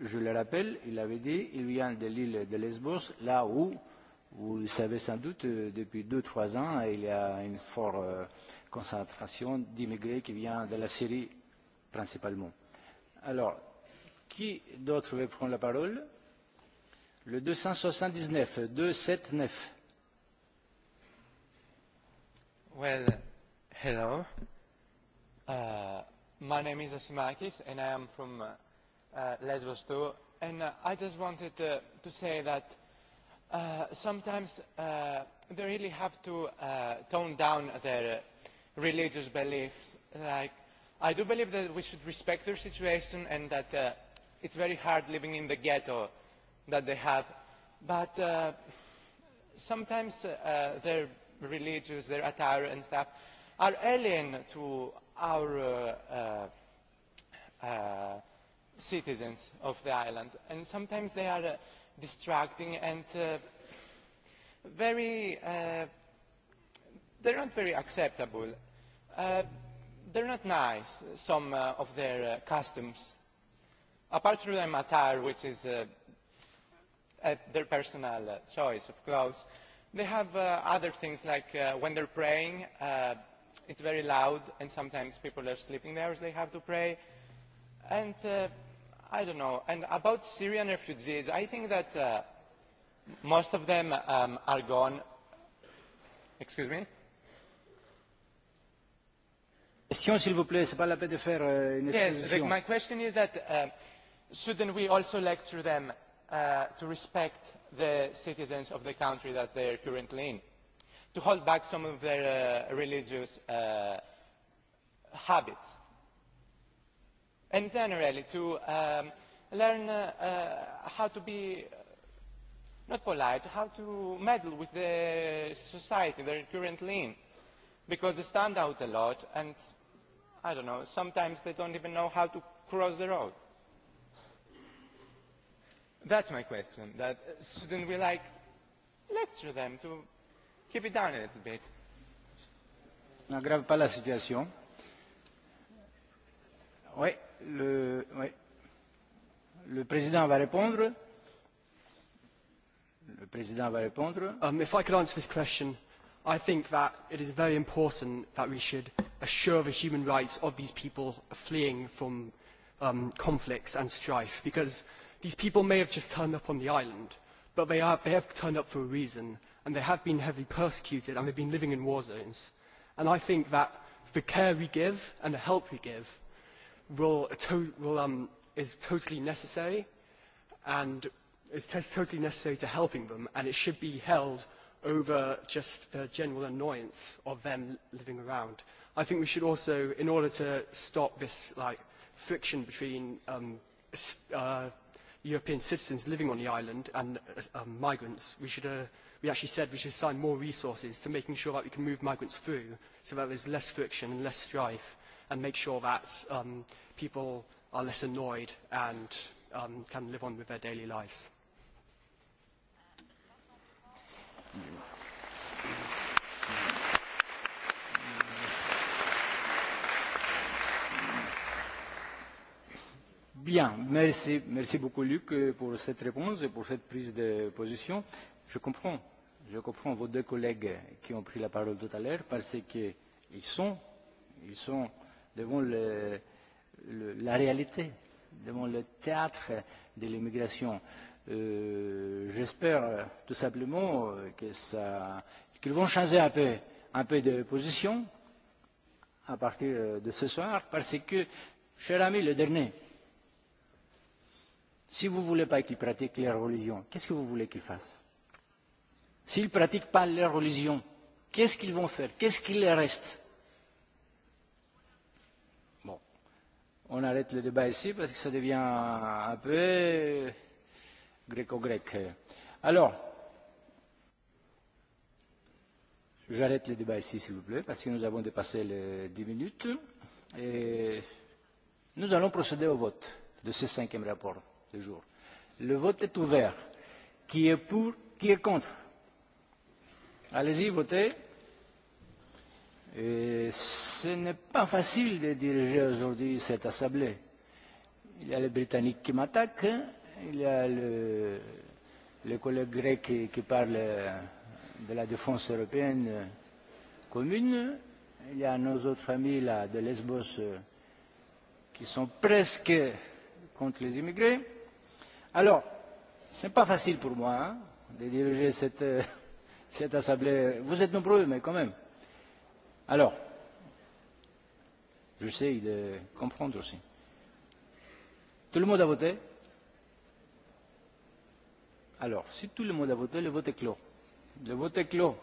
A: Je le rappelle, il avait dit il vient de l'île de Lesbos, là où, vous le savez sans doute, euh, depuis deux trois ans, il y a une forte euh, concentration d'immigrés qui vient de la Syrie principalement. Alors, qui d'autre veut prendre la parole Le 279, 279. Well, Hello.
E: Uh, my name is Asimakis and I am from uh, uh, Lesbos too. And uh, I just wanted uh, to say that uh, sometimes uh, they really have to uh, tone down their uh, religious beliefs. Like, I do believe that we should respect their situation and that uh, it's very hard living in the ghetto that they have. But uh, sometimes uh, their religious, their attire and stuff, are alien to our uh, uh, citizens of the island, and sometimes they are uh, distracting and uh, very. Uh, they're not very acceptable. Uh, they're not nice, some uh, of their uh, customs. Apart from their attire, which is uh, at their personal uh, choice of clothes, they have uh, other things like uh, when they're praying, uh, it's very loud, and sometimes people are sleeping there, so they have to pray. And uh, I don't know. And about Syrian refugees, I think that uh, most of them um, are gone. Excuse me?
A: Question, s'il vous plaît. C'est pas la peine de faire euh, une Yes, like my
E: question is that uh, shouldn't we also lecture them uh, to respect the citizens of the country that they are currently in? to hold back some of their uh, religious uh, habits. And generally, to um, learn uh, uh, how to be uh, not polite, how to meddle with the society they're currently in. Because they stand out a lot, and I don't know, sometimes they don't even know how to cross the road.
A: That's my question. That
E: uh, shouldn't we like lecture them to keep it down a little bit.
A: N'aggrave pas la situation. Oui, le, oui. le président va répondre.
J: Le président va répondre. Um, if I could answer this question, I think that it is very important that we should assure the human rights of these people fleeing from um, conflicts and strife, because these people may have just turned up on the island, but they, are, they have turned up for a reason and they have been heavily persecuted and they've been living in war zones. And I think that the care we give and the help we give will, will, um, is totally necessary and is t- totally necessary to helping them and it should be held over just the general annoyance of them living around. I think we should also, in order to stop this like friction between um, uh, European citizens living on the island and uh, um, migrants, we should uh, we actually said we should assign more resources to making sure that we can move migrants through so that there's less friction and less strife and make sure that um, people are less annoyed and um, can live on with their daily lives.
A: Bien, merci, merci beaucoup Luc pour cette réponse et pour cette prise de position je comprends, je comprends vos deux collègues qui ont pris la parole tout à l'heure parce qu'ils sont, ils sont devant le, le, la réalité, devant le théâtre de l'immigration. Euh, J'espère tout simplement euh, que ça, qu'ils vont changer un peu, un peu de position à partir euh, de ce soir parce que, cher ami, le dernier, si vous ne voulez pas qu'ils pratiquent la religion, qu'est-ce que vous voulez qu'ils fassent S'ils ne pratiquent pas leur religion, qu'est-ce qu'ils vont faire Qu'est-ce qu'il leur reste Bon, on arrête le débat ici parce que ça devient un peu gréco-grec. Alors, j'arrête le débat ici, s'il vous plaît, parce que nous avons dépassé les 10 minutes. Et nous allons procéder au vote de ce cinquième rapport du jour. Le vote est ouvert. Qui est pour Qui est contre Allez-y, votez. Et ce n'est pas facile de diriger aujourd'hui cette assemblée. Il y a les Britanniques qui m'attaquent, il y a le, les collègues grecs qui, qui parlent euh, de la défense européenne euh, commune, il y a nos autres amis là de Lesbos euh, qui sont presque contre les immigrés. Alors, ce n'est pas facile pour moi hein, de diriger cette cette assemblée. Vous êtes nombreux, mais quand même. Alors, j'essaie de comprendre aussi. Tout le monde a voté Alors, si tout le monde a voté, le vote est clos. Le vote est clos.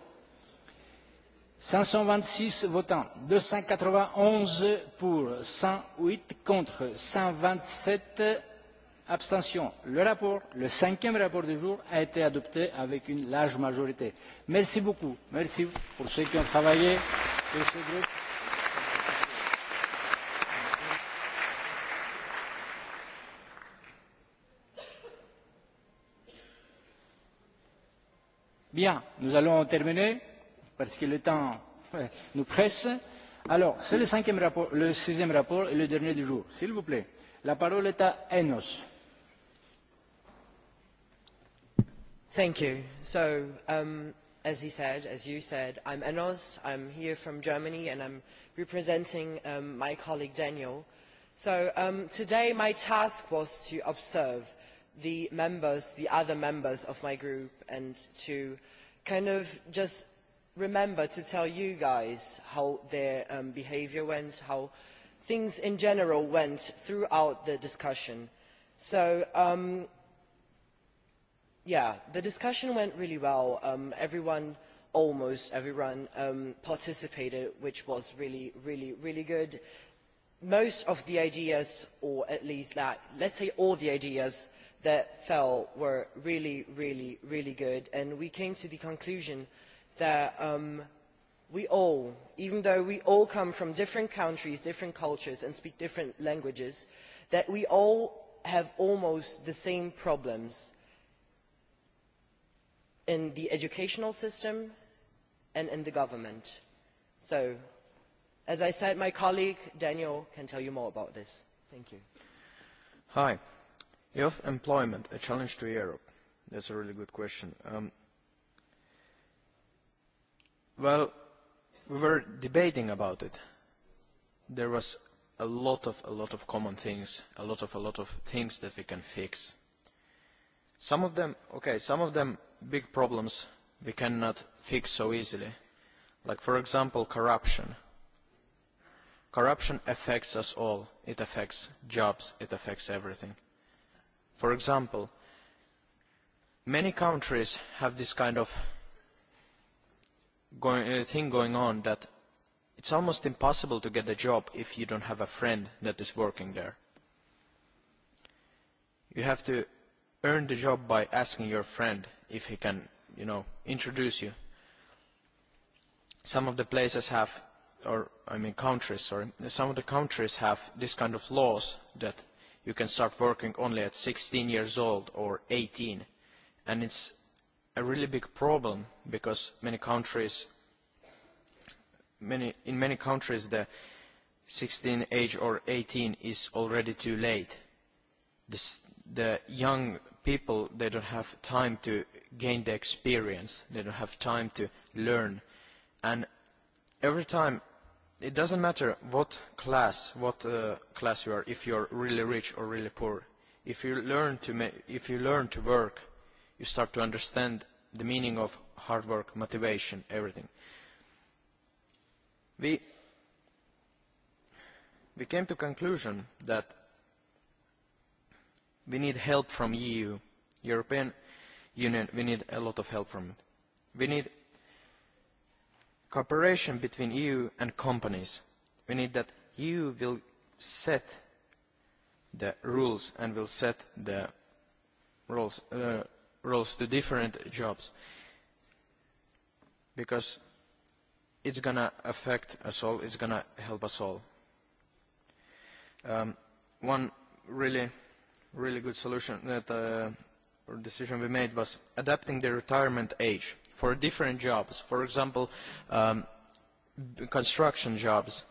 A: 526 votants, 291 pour, 108 contre, 127 Abstention. Le rapport, le cinquième rapport du jour, a été adopté avec une large majorité. Merci beaucoup. Merci pour ceux qui ont travaillé de ce groupe. Bien, nous allons terminer parce que le temps nous presse. Alors, c'est le, cinquième rapport, le sixième rapport et le dernier du jour. S'il vous plaît, la parole est à Enos.
I: Thank you. So, um, as he said, as you said, I'm Enos. I'm here from Germany, and I'm representing um, my colleague Daniel. So um, today my task was to observe the members, the other members of my group, and to kind of just remember to tell you guys how their um, behaviour went, how things in general went throughout the discussion. So um, the discussion went really well. Um, everyone, almost everyone, um, participated, which was really, really, really good. Most of the ideas, or at least, like, let's say all the ideas that fell were really, really, really good. And we came to the conclusion that um, we all, even though we all come from different countries, different cultures, and speak different languages, that we all have almost the same problems in the educational system and in the government. So, as I said, my colleague Daniel can tell you more about this. Thank you.
R: Hi. Youth employment, a challenge to Europe. That's a really good question. Um, well, we were debating about it. There was a lot of, a lot of common things, a lot of, a lot of things that we can fix Some of them, okay, some of them big problems we cannot fix so easily. Like, for example, corruption. Corruption affects us all. It affects jobs. It affects everything. For example, many countries have this kind of going, uh, thing going on that it's almost impossible to get a job if you don't have a friend that is working there. You have to earn the job by asking your friend if he can, you know, introduce you. Some of the places have, or I mean countries, sorry, some of the countries have this kind of laws that you can start working only at 16 years old or 18. And it's a really big problem because many countries, many, in many countries the 16 age or 18 is already too late. This, the young people, they don't have time to gain the experience. They don't have time to learn. And every time, it doesn't matter what class, what uh, class you are, if you're really rich or really poor. If you learn to, ma if you learn to work, you start to understand the meaning of hard work, motivation, everything. We, we came to conclusion that We need help from EU. European Union, we need a lot of help from it. We need cooperation between EU and companies. We need that EU will set the rules and will set the roles, uh, roles to different jobs because it's going to affect us all, it's going to help us all. Um, one really really good solution that uh, or decision we made was adapting the retirement age for different jobs. For example, um, construction jobs,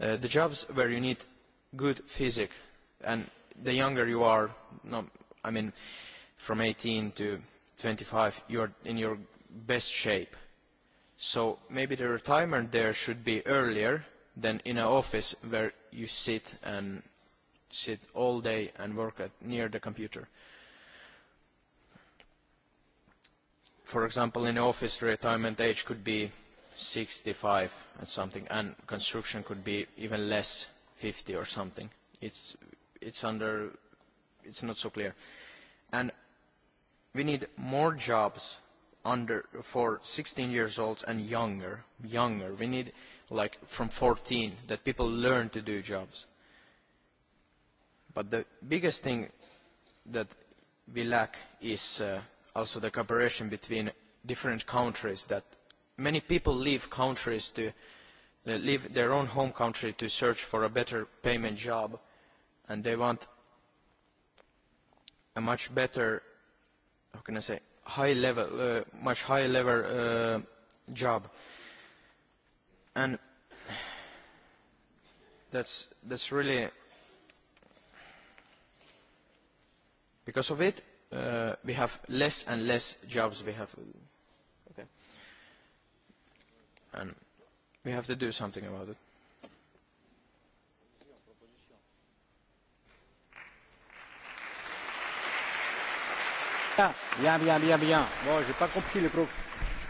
R: uh, the jobs where you need good physique, and the younger you are, no, I mean, from 18 to 25, you're in your best shape. So maybe the retirement there should be earlier than in an office where you sit and sit all day and work at, near the computer. For example, in office, retirement age could be 65 and something, and construction could be even less, 50 or something. It's, it's under, it's not so clear. And we need more jobs under for 16 years old and younger, younger. We need like from 14 that people learn to do jobs But the biggest thing that we lack is uh, also the cooperation between different countries that many people leave countries to uh, leave their own home country to search for a better payment job and they want a much better how can I say high level uh, much higher level uh, job and that's that's really Because of it, uh, we have less and less jobs. We have, okay, and we have to do something about it.
A: Bien, bien, bien, bien. Bon, je n'ai pas, pro...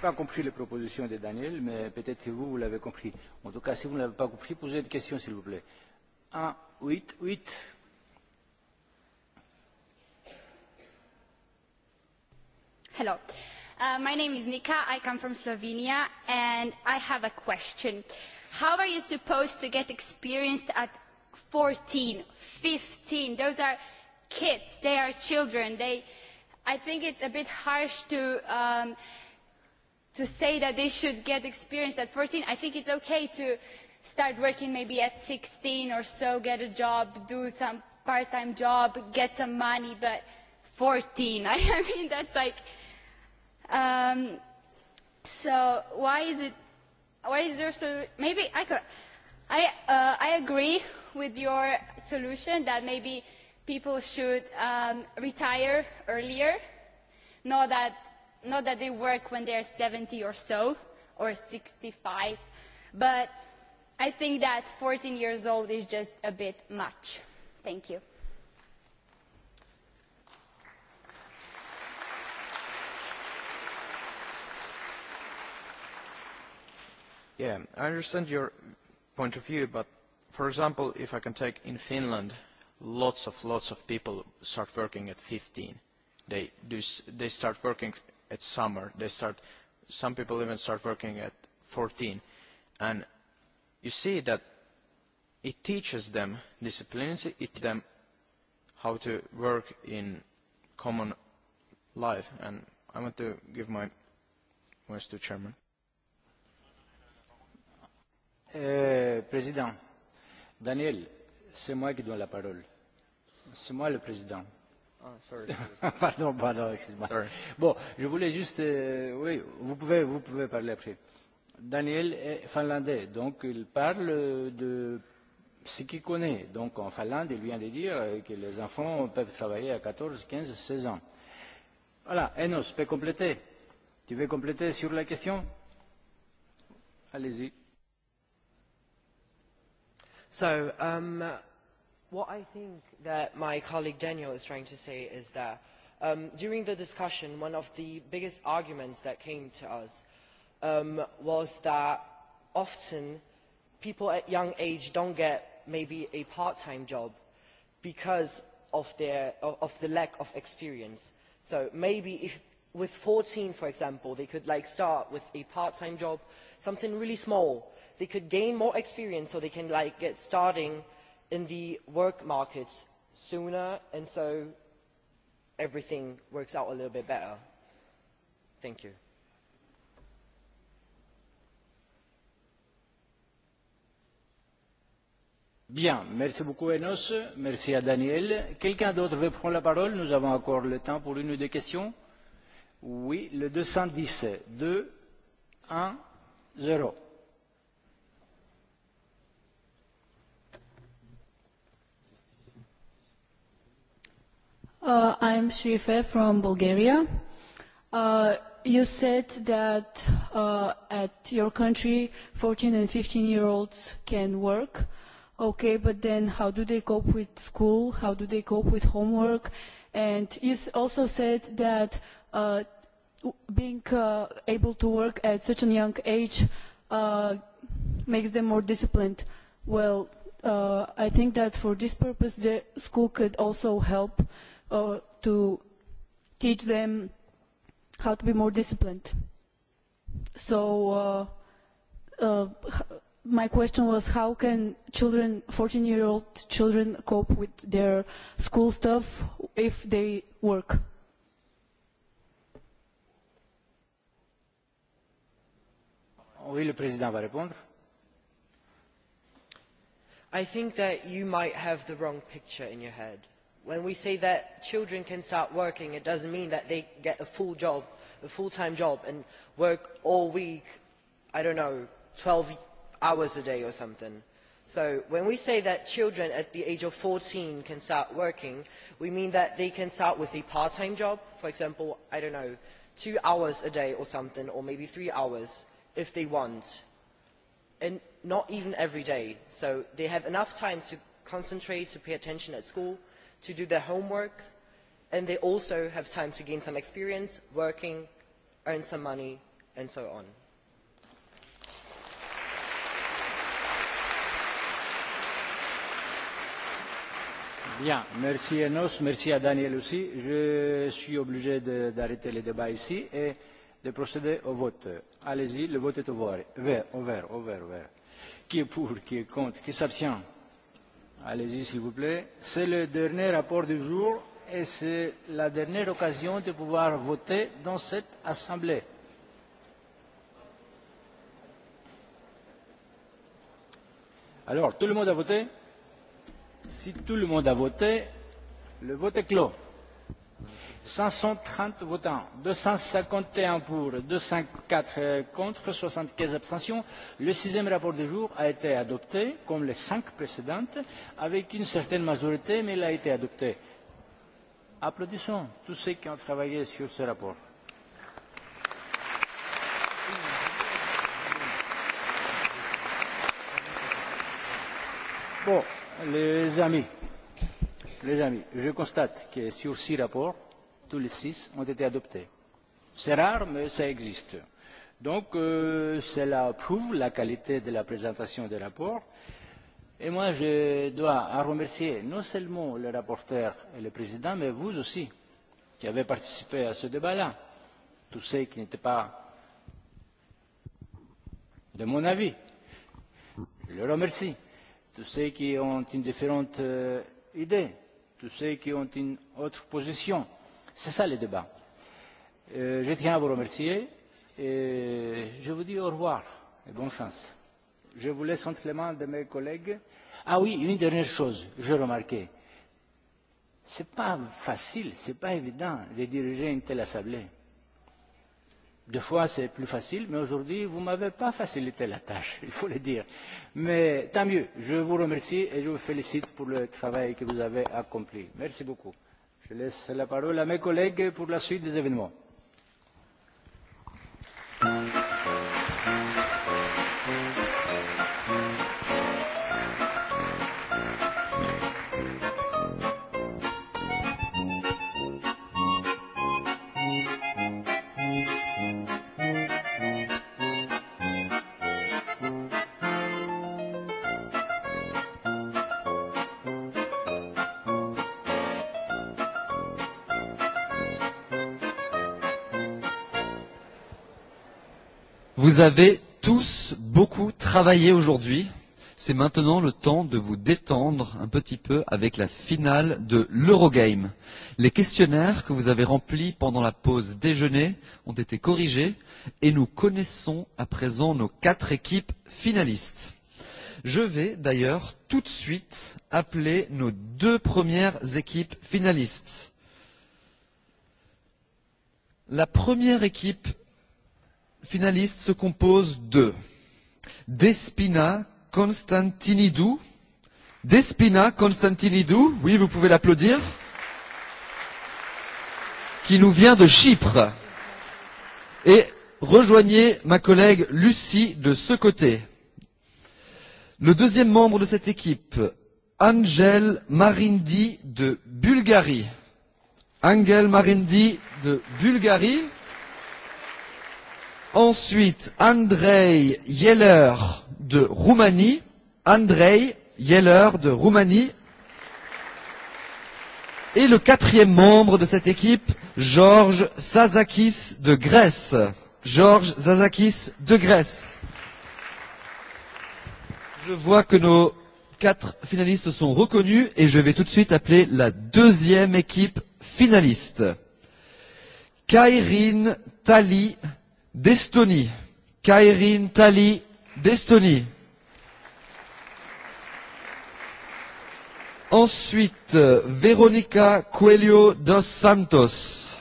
A: pas compris les propositions de Daniel, mais peut-être que vous, vous l'avez compris. En tout cas, si vous ne l'avez pas compris, posez une question, s'il vous plaît. 1, 8, 8.
K: Hello. Uh, my name is Nika. I come from Slovenia, and I have a question. How are you supposed to get experienced at 14, 15? Those are kids. They are children. They, I think it's a bit harsh to um, to say that they should get experience at 14. I think it's okay to start working maybe at 16 or so, get a job, do some part-time job, get some money, but 14. I mean, that's like Um, so why is it? Why is there so? Maybe I could. I uh, I agree with your solution that maybe people should um, retire earlier, not that not that they work when they are 70 or so or 65, but I think that 14 years old is just a bit much. Thank you.
R: Yeah, I understand your point of view, but for example, if I can take in Finland, lots of lots of people start working at 15. They do, they start working at summer. They start some people even start working at 14, and you see that it teaches them discipline. It teaches them how to work in common life. And I want to give my voice to chairman.
A: Euh, président, Daniel, c'est moi qui donne la parole. C'est moi le président. Oh, sorry. pardon, pardon, excuse-moi. Bon, je voulais juste, euh, oui, vous pouvez, vous pouvez parler après. Daniel est finlandais, donc il parle de ce qu'il connaît. Donc en Finlande, il vient de dire euh, que les enfants peuvent travailler à 14, 15, 16 ans. Voilà, Enos, peut compléter Tu veux compléter sur la question Allez-y.
I: So um, what I think that my colleague Daniel is trying to say is that um, during the discussion, one of the biggest arguments that came to us um, was that often people at young age don't get maybe a part-time job because of, their, of the lack of experience. So maybe if with 14, for example, they could like start with a part-time job, something really small, they could gain more experience so they can like get starting in the work market sooner and so everything works out a little bit better. Thank you.
A: Bien, merci beaucoup Enos, merci à Daniel. Quelqu'un d'autre veut prendre la parole Nous avons encore le temps pour une ou deux questions. Oui, le 210, 2, 1, 0.
C: Uh, I'm Shrife from
O: Bulgaria. Uh, you
C: said that uh, at your country, 14 and 15 year olds can work. Okay, but then how do they cope with school? How do they cope with homework? And you also said that uh, being uh, able to work at such a young age uh, makes them more disciplined. Well, uh, I think that for this purpose, the school could also help uh, or uh, to teach them how to be more disciplined. So uh, uh, my question was how can children, 14-year-old children cope with their school stuff if they work?
A: Oui, le président va répondre.
I: I think that you might have the wrong picture in your head when we say that children can start working it does not mean that they get a full job a full time job and work all week i do not know twelve hours a day or something. so when we say that children at the age of fourteen can start working we mean that they can start with a part time job for example i do not know two hours a day or something or maybe three hours if they want and not even every day so they have enough time to concentrate to pay attention at school to do their homework and they also have time to gain some experience working earn some money and so on.
A: Bien, merci Enos, merci à Daniel aussi. Je suis obligé d'arrêter le débat ici et de procéder au vote. Allez-y, le vote est ouvert, ouvert, ouvert, ouvert. Qui est pour, qui est contre, qui s'abstient Allez-y, s'il vous plaît. C'est le dernier rapport du jour et c'est la dernière occasion de pouvoir voter dans cette assemblée. Alors, tout le monde a voté Si tout le monde a voté, le vote est clos. 530 votants, 251 pour, 204 euh, contre, 75 abstentions. Le sixième rapport du jour a été adopté, comme les cinq précédentes, avec une certaine majorité, mais il a été adopté. Applaudissons tous ceux qui ont travaillé sur ce rapport. Bon, les amis, les amis, je constate que sur six rapports, tous les six ont été adoptés. C'est rare, mais ça existe. Donc, euh, cela prouve la qualité de la présentation des rapports. Et moi, je dois remercier non seulement le rapporteur et le président, mais vous aussi, qui avez participé à ce débat-là. Tous ceux qui n'étaient pas de mon avis. Je le remercie. Tous ceux qui ont une différente euh, idée tous ceux qui ont une autre position. C'est ça le débat. Euh, je tiens à vous remercier et je vous dis au revoir et bonne chance. Je vous laisse entre les mains de mes collègues. Ah oui, une dernière chose, j'ai remarqué. Ce n'est pas facile, ce n'est pas évident de diriger une telle assemblée Deux fois, c'est plus facile, mais aujourd'hui, vous ne m'avez pas facilité la tâche, il faut le dire. Mais tant mieux, je vous remercie et je vous félicite pour le travail que vous avez accompli. Merci beaucoup. Je laisse la parole à mes collègues pour la suite des événements.
S: avez tous beaucoup travaillé aujourd'hui. C'est maintenant le temps de vous détendre un petit peu avec la finale de l'Eurogame. Les questionnaires que vous avez remplis pendant la pause déjeuner ont été corrigés et nous connaissons à présent nos quatre équipes finalistes. Je vais d'ailleurs tout de suite appeler nos deux premières équipes finalistes. La première équipe finaliste se compose de Despina Constantinidou. Despina Constantinidou, oui, vous pouvez l'applaudir, qui nous vient de Chypre. Et rejoignez ma collègue Lucie de ce côté. Le deuxième membre de cette équipe, Angel Marindi de Bulgarie. Angel Marindi de Bulgarie. Ensuite, Andrei Yeller de Roumanie. Andrei Yeller de Roumanie. Et le quatrième membre de cette équipe, Georges Zazakis de Grèce. Georges Zazakis de Grèce. Je vois que nos quatre finalistes sont reconnus et je vais tout de suite appeler la deuxième équipe finaliste. Kairine Tali d'Estonie. Kairin Tali d'Estonie. Ensuite, euh, Veronica Coelho dos Santos.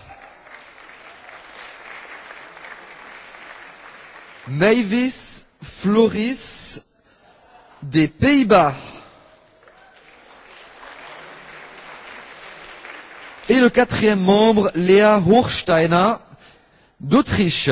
S: Mavis Floris des Pays-Bas. Et le quatrième membre, Léa Hochsteiner d'Autriche.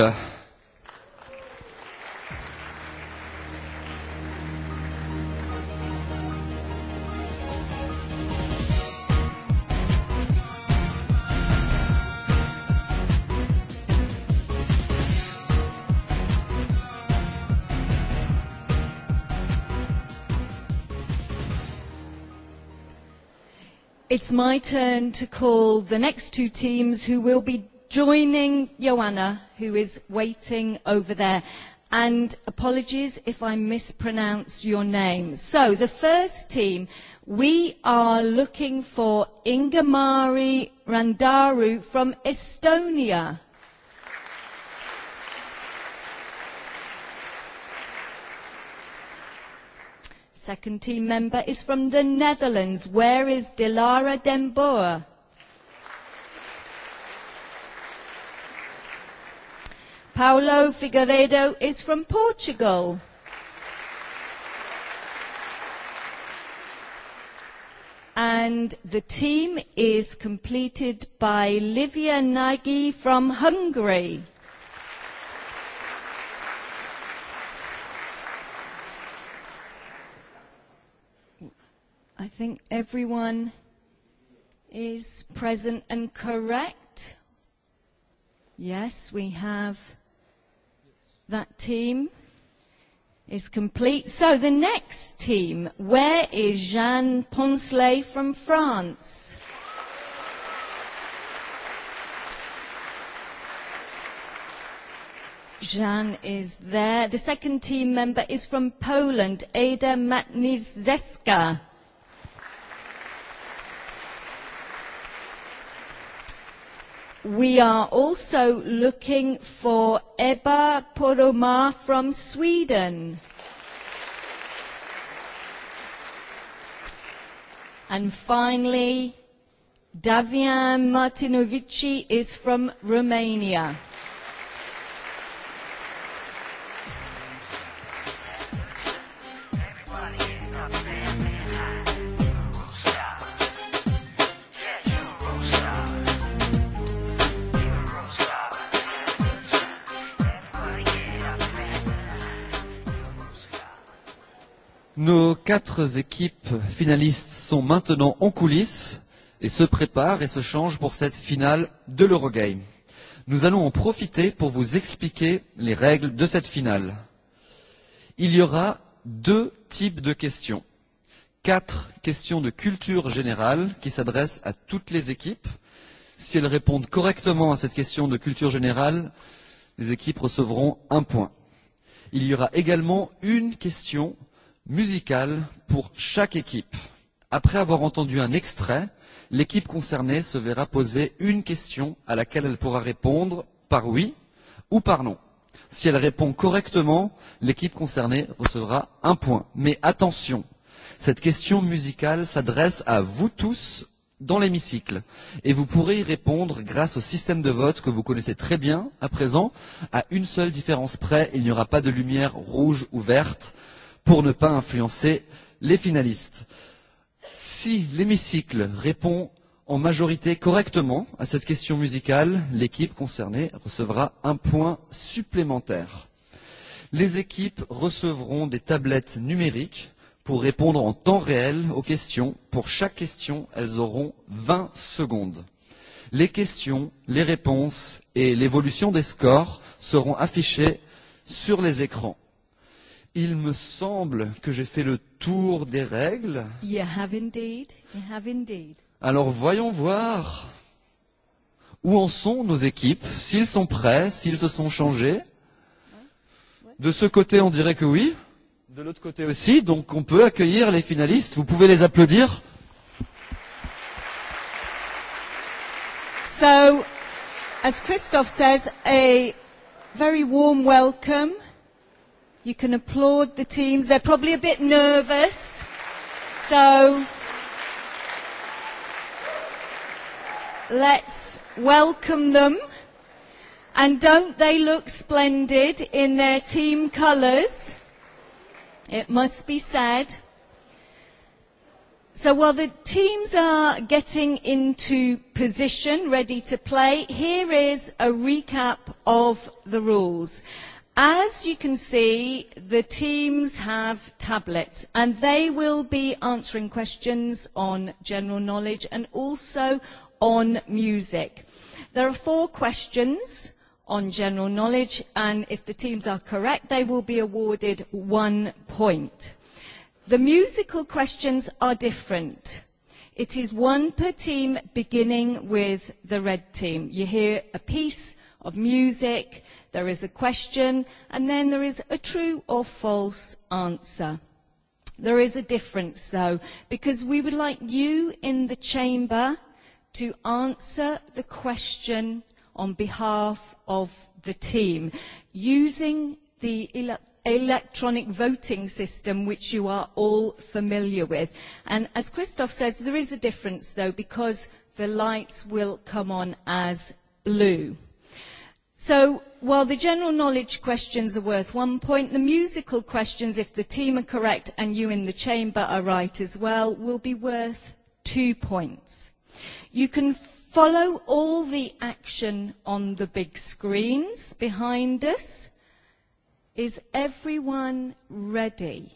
Q: It's my turn to call the next two teams who will be joining Joanna, who is waiting over there. And apologies if I mispronounce your name. So the first team, we are looking for Ingamari Randaru from Estonia. Second team member is from the Netherlands. Where is Dilara Denboer? Paulo Figueiredo is from Portugal. and the team is completed by Livia Nagy from Hungary. I think everyone is present and correct. Yes, we have That team is complete. So the next team, where is Jeanne Poncelet from France? Jeanne is there. The second team member is from Poland, Ada Matnizeska. We are also looking for Ebba Poroma from Sweden. And finally, Davian Martinovici is from Romania.
S: Nos quatre équipes finalistes sont maintenant en coulisses et se préparent et se changent pour cette finale de l'Eurogame. Nous allons en profiter pour vous expliquer les règles de cette finale. Il y aura deux types de questions. Quatre questions de culture générale qui s'adressent à toutes les équipes. Si elles répondent correctement à cette question de culture générale, les équipes recevront un point. Il y aura également une question musical pour chaque équipe. Après avoir entendu un extrait, l'équipe concernée se verra poser une question à laquelle elle pourra répondre par oui ou par non. Si elle répond correctement, l'équipe concernée recevra un point. Mais attention, cette question musicale s'adresse à vous tous dans l'hémicycle et vous pourrez y répondre grâce au système de vote que vous connaissez très bien à présent. À une seule différence près, il n'y aura pas de lumière rouge ou verte pour ne pas influencer les finalistes. Si l'hémicycle répond en majorité correctement à cette question musicale, l'équipe concernée recevra un point supplémentaire. Les équipes recevront des tablettes numériques pour répondre en temps réel aux questions. Pour chaque question, elles auront 20 secondes. Les questions, les réponses et l'évolution des scores seront affichées sur les écrans. Il me semble que j'ai fait le tour des règles.
Q: You have indeed. You have indeed.
S: Alors voyons voir où en sont nos équipes, s'ils sont prêts, s'ils se sont changés. De ce côté, on dirait que oui. De l'autre côté aussi. Donc on peut accueillir les finalistes. Vous pouvez les applaudir. So,
Q: as Christophe says, a very warm welcome You can applaud the teams. They're probably a bit nervous. So let's welcome them. And don't they look splendid in their team colours? It must be said. So while the teams are getting into position, ready to play, here is a recap of the rules. As you can see, the teams have tablets and they will be answering questions on general knowledge and also on music. There are four questions on general knowledge and if the teams are correct, they will be awarded one point. The musical questions are different. It is one per team beginning with the red team. You hear a piece of music there is a question, and then there is a true or false answer. There is a difference though, because we would like you in the chamber to answer the question on behalf of the team using the ele electronic voting system which you are all familiar with. And as Christoph says, there is a difference though because the lights will come on as blue. So while the general knowledge questions are worth one point, the musical questions, if the team are correct and you in the chamber are right as well, will be worth two points. You can follow all the action on the big screens behind us. Is everyone ready?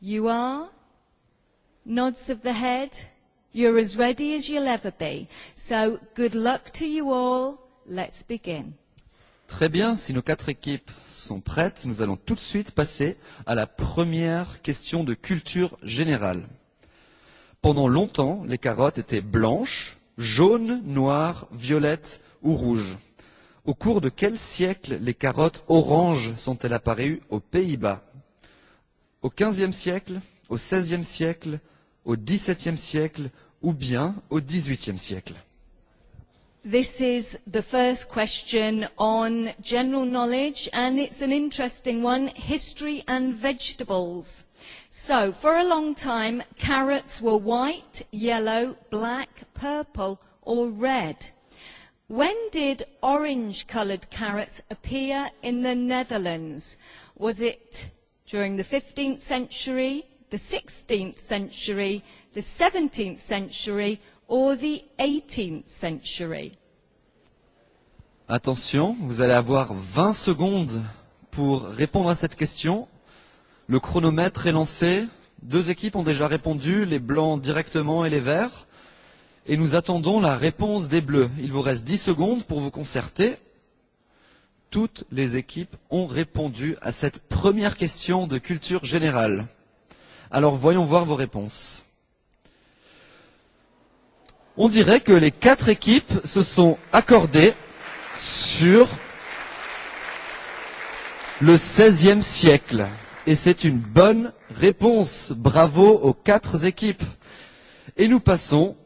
Q: You are? Nods of the head? You're as ready as you'll ever be. So good luck to you all Let's begin.
S: Très bien, si nos quatre équipes sont prêtes, nous allons tout de suite passer à la première question de culture générale. Pendant longtemps, les carottes étaient blanches, jaunes, noires, violettes ou rouges. Au cours de quel siècle les carottes oranges sont-elles apparues aux Pays-Bas Au XVe siècle, au XVIe siècle, au XVIIe siècle ou bien au XVIIIe siècle
Q: This is the first question on general knowledge, and it's an interesting one, history and vegetables. So, for a long time, carrots were white, yellow, black, purple, or red. When did orange-coloured carrots appear in the Netherlands? Was it during the 15th century, the 16th century, the 17th century, or the 18th century?
S: Attention, vous allez avoir 20 secondes pour répondre à cette question. Le chronomètre est lancé. Deux équipes ont déjà répondu, les blancs directement et les verts. Et nous attendons la réponse des bleus. Il vous reste 10 secondes pour vous concerter. Toutes les équipes ont répondu à cette première question de culture générale. Alors voyons voir vos réponses on dirait que les quatre équipes se sont accordées sur le 16e siècle. Et c'est une bonne réponse. Bravo aux quatre équipes. Et nous passons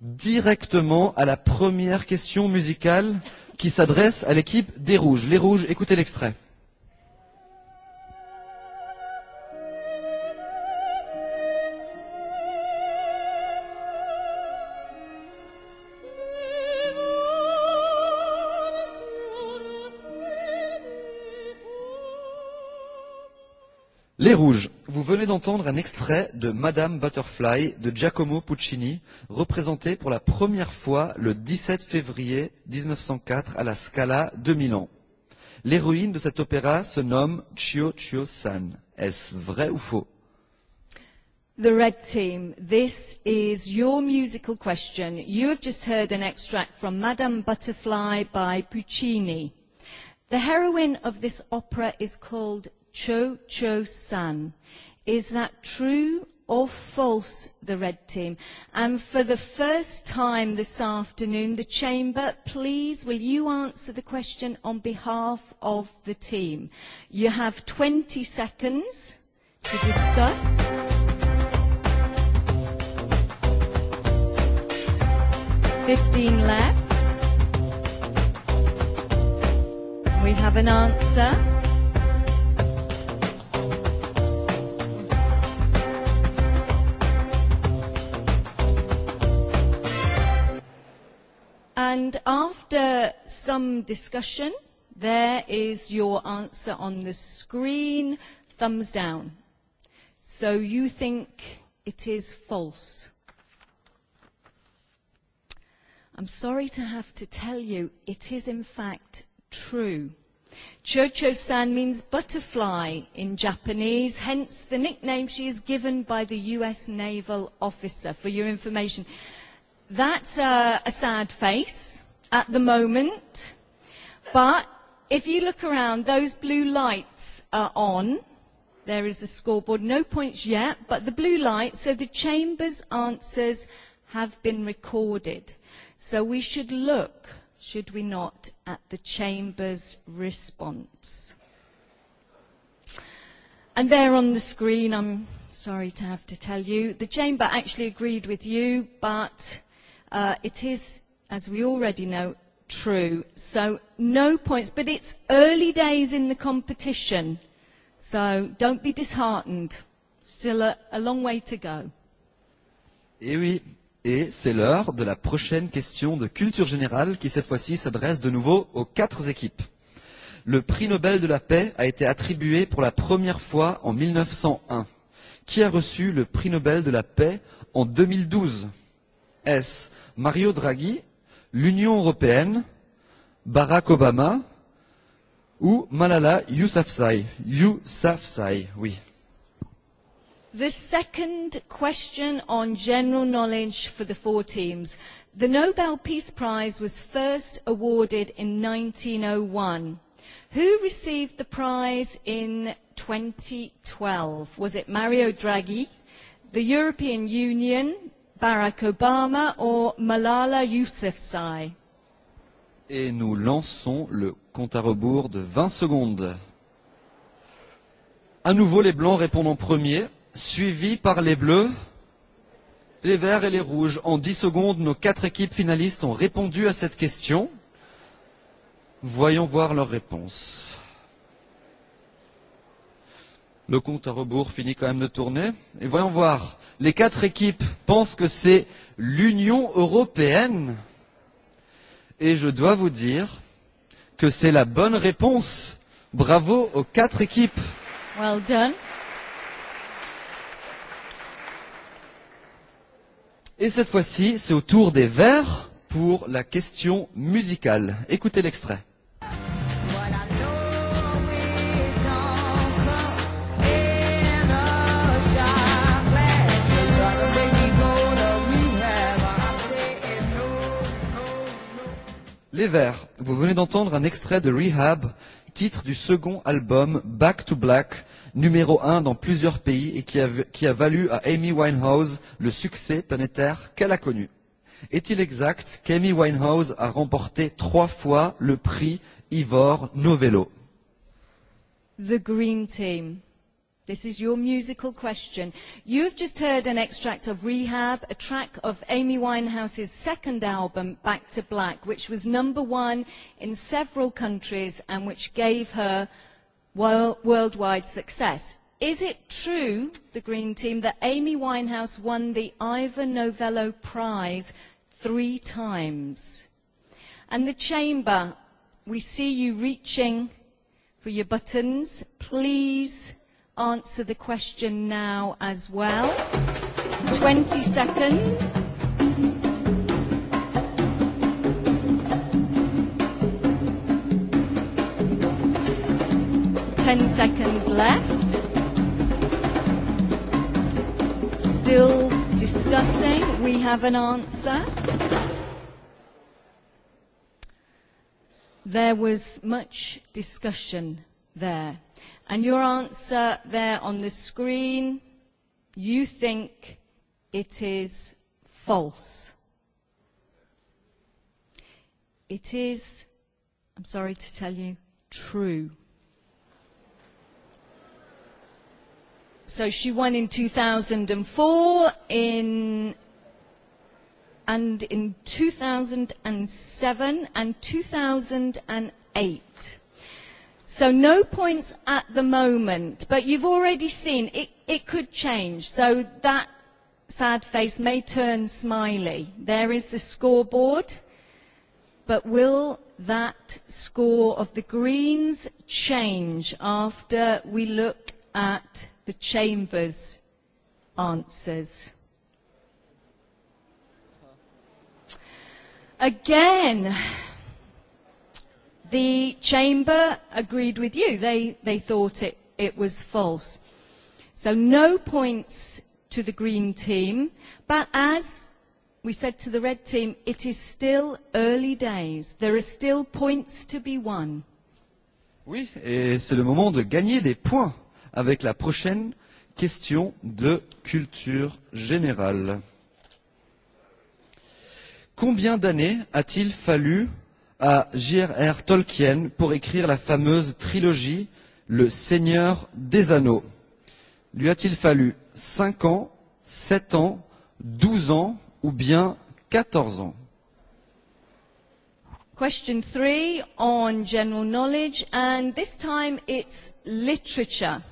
S: directement à la première question musicale qui s'adresse à l'équipe des Rouges. Les Rouges, écoutez l'extrait. Les Rouges, vous venez d'entendre un extrait de Madame Butterfly de Giacomo Puccini, représenté pour la première fois le 17 février 1904 à la Scala de Milan. L'héroïne de cet opéra se nomme Chio Chio San. Est-ce vrai ou faux
Q: The Red Team, this is your musical question. You have just heard an extract from Madame Butterfly by Puccini. The heroine of this opera is called Cho Cho San. Is that true or false, the red team? And for the first time this afternoon, the chamber, please, will you answer the question on behalf of the team? You have 20 seconds to discuss. 15 left. We have an answer. And after some discussion, there is your answer on the screen, thumbs down. So you think it is false. I'm sorry to have to tell you, it is in fact true. Chocho-san means butterfly in Japanese, hence the nickname she is given by the US naval officer, for your information. That's a, a sad face at the moment. But if you look around, those blue lights are on. There is a scoreboard. No points yet, but the blue lights So the chamber's answers have been recorded. So we should look, should we not, at the chamber's response. And there on the screen, I'm sorry to have to tell you, the chamber actually agreed with you, but Uh, it is, as we already know, true. So no points, but it's early days in the competition. So don't be disheartened. Still a, a long way to go.
S: Et oui, et c'est l'heure de la prochaine question de culture générale qui cette fois-ci s'adresse de nouveau aux quatre équipes. Le prix Nobel de la paix a été attribué pour la première fois en 1901. Qui a reçu le prix Nobel de la paix en 2012 Est-ce Mario Draghi, l'Union européenne, Barack Obama ou Malala Yousafzai Yousafzai, oui.
Q: The second question on general knowledge for the four teams. The Nobel Peace Prize was first awarded in 1901. Who received the prize in 2012? Was it Mario Draghi, the European Union, Barack Obama ou Malala Yousafzai?
S: Et nous lançons le compte à rebours de 20 secondes. À nouveau, les blancs répondent en premier, suivis par les bleus, les verts et les rouges. En 10 secondes, nos quatre équipes finalistes ont répondu à cette question. Voyons voir leurs réponses le compte à rebours finit quand même de tourner. Et voyons voir. Les quatre équipes pensent que c'est l'Union européenne. Et je dois vous dire que c'est la bonne réponse. Bravo aux quatre équipes. Well done. Et cette fois-ci, c'est au tour des Verts pour la question musicale. Écoutez l'extrait. Les Verts, vous venez d'entendre un extrait de Rehab, titre du second album Back to Black, numéro 1 dans plusieurs pays et qui a, qui a valu à Amy Winehouse le succès planétaire qu'elle a connu. Est-il exact qu'Amy Winehouse a remporté trois fois le prix Ivor Novello
Q: The Green Team. This is your musical question. You've just heard an extract of Rehab, a track of Amy Winehouse's second album, Back to Black, which was number one in several countries and which gave her worldwide success. Is it true, the Green Team, that Amy Winehouse won the Ivor Novello Prize three times? And the Chamber, we see you reaching for your buttons. Please answer the question now as well. 20 seconds. Ten seconds left. Still discussing. We have an answer. There was much discussion there. And your answer there on the screen, you think it is false. It is, I'm sorry to tell you, true. So she won in 2004 in and in 2007 and 2008. So no points at the moment, but you've already seen it, it could change. So that sad face may turn smiley. There is the scoreboard, but will that score of the Greens change after we look at the Chamber's answers? Again, the chamber agreed with you. They, they thought it, it was false. So no points to the green team, but as we said to the red team, it is still early days. There are still points to be won. Oui,
S: et c'est le moment de gagner des points avec la prochaine question de culture générale. Combien d'années a-t-il fallu à J.R.R. Tolkien pour écrire la fameuse trilogie Le Seigneur des Anneaux Lui a-t-il fallu 5 ans, 7 ans, 12 ans ou bien 14 ans
Q: Question 3 on general knowledge and this time it's literature.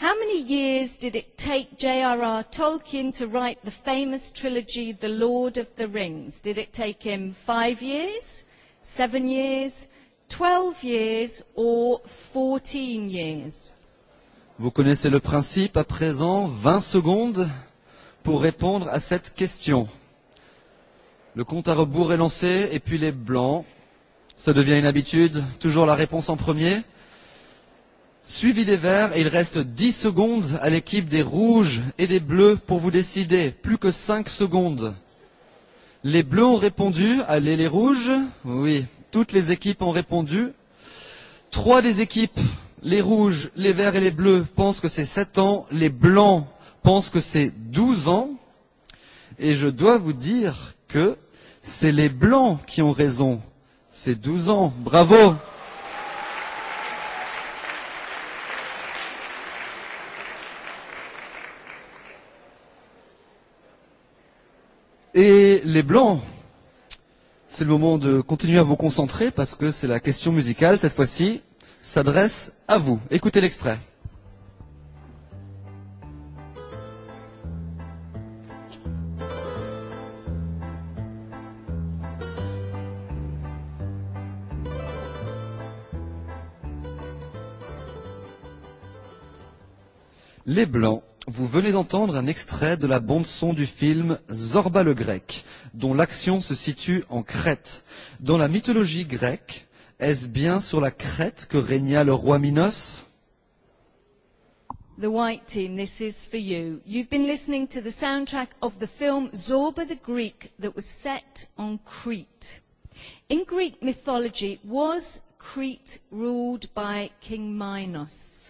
Q: How many years did it take J.R.R. Tolkien to write the famous trilogy The Lord of the Rings? Did it take him five years, seven years, 12 years or 14 years?
S: Vous connaissez le principe à présent, 20 secondes pour répondre à cette question. Le compte à rebours est lancé et puis les blancs, ça devient une habitude, toujours la réponse en premier. Suivi des verts, et il reste 10 secondes à l'équipe des rouges et des bleus pour vous décider. Plus que 5 secondes. Les bleus ont répondu. Allez, les rouges. Oui, toutes les équipes ont répondu. Trois des équipes, les rouges, les verts et les bleus, pensent que c'est 7 ans. Les blancs pensent que c'est 12 ans. Et je dois vous dire que c'est les blancs qui ont raison. C'est 12 ans. Bravo. Et les blancs. C'est le moment de continuer à vous concentrer parce que c'est la question musicale, cette fois-ci, s'adresse à vous. Écoutez l'extrait. Les blancs. Vous venez d'entendre un extrait de la bande-son du film Zorba le Grec, dont l'action se situe en Crète. Dans la mythologie grecque, est-ce bien sur la Crète que régna le roi Minos
Q: The White Team, this is for you. You've been listening to the soundtrack of the film Zorba the Greek that was set on Crete. In Greek mythology, was Crete ruled by King Minos?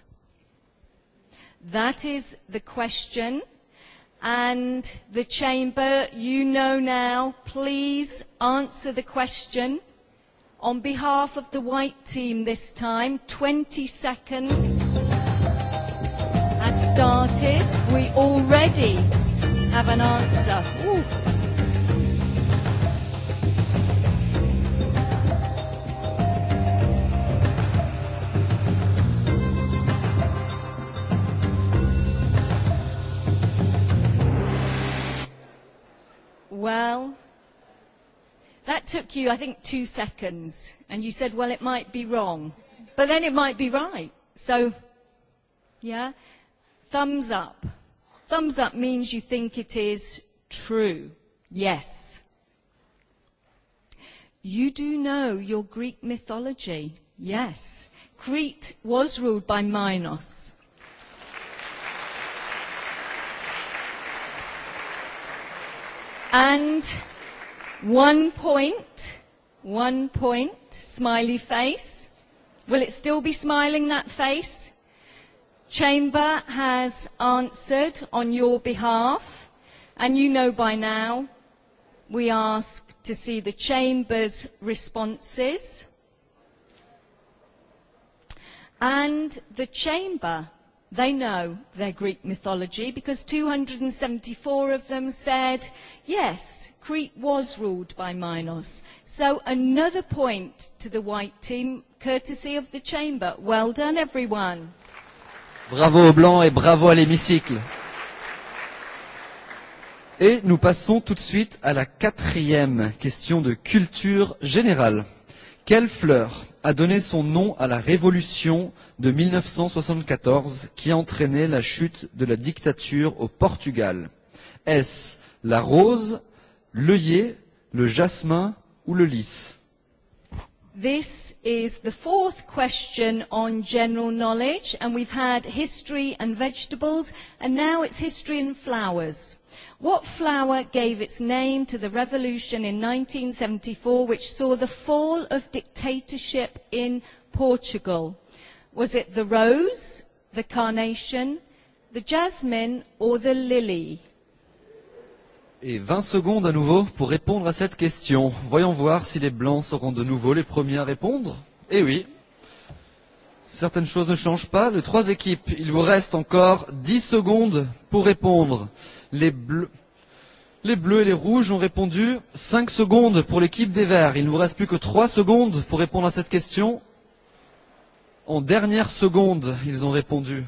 Q: That is the question. And the chamber, you know now, please answer the question. On behalf of the white team this time, 20 seconds has started. We already have an answer. Ooh. Well, that took you, I think, two seconds. And you said, well, it might be wrong. But then it might be right. So, yeah? Thumbs up. Thumbs up means you think it is true. Yes. You do know your Greek mythology. Yes. Crete was ruled by Minos. And one point, one point, smiley face. Will it still be smiling, that face? Chamber has answered on your behalf, and you know by now we ask to see the Chamber's responses. And the Chamber They know their Greek mythology because 274 of them said, yes, Crete was ruled by Minos. So another point to the white team, courtesy of the chamber. Well done, everyone.
S: Bravo aux Blancs et bravo à l'hémicycle. Et nous passons tout de suite à la quatrième question de culture générale. Quelle fleur a donné son nom à la révolution de 1974 qui entraînait la chute de la dictature au Portugal Est-ce la rose, l'œillet, le jasmin ou le lys
Q: This is the fourth question on general knowledge and we've had history and vegetables and now it's history and flowers. What flower gave its name to the revolution in 1974 which saw the fall of dictatorship in Portugal? Was it the rose, the carnation, the jasmine or the lily?
S: Et 20 secondes à nouveau pour répondre à cette question. Voyons voir si les blancs seront de nouveau les premiers à répondre. Eh oui, Certaines choses ne changent pas. Les trois équipes, il vous reste encore 10 secondes pour répondre. Les bleus, les bleus et les rouges ont répondu 5 secondes pour l'équipe des verts. Il ne vous reste plus que 3 secondes pour répondre à cette question. En dernière seconde, ils ont répondu.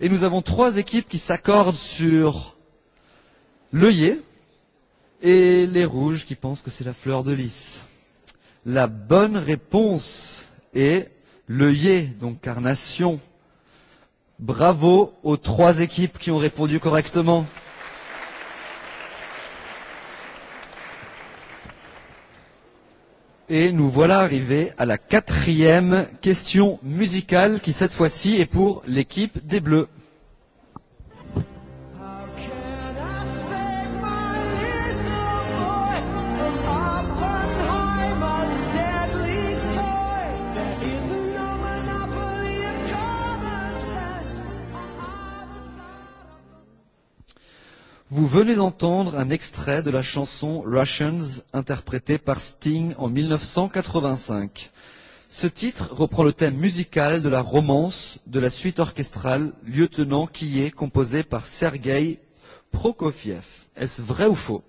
S: Et nous avons trois équipes qui s'accordent sur l'œillet et les rouges qui pensent que c'est la fleur de lys. La bonne réponse est l'œillet, donc carnation. Bravo aux trois équipes qui ont répondu correctement. Et nous voilà arrivés à la quatrième question musicale qui cette fois-ci est pour l'équipe des Bleus. Vous venez d'entendre un extrait de la chanson Russians interprétée par Sting en 1985. Ce titre reprend le thème musical de la romance de la suite orchestrale Lieutenant qui est composée par Sergei Prokofiev. Est-ce vrai ou faux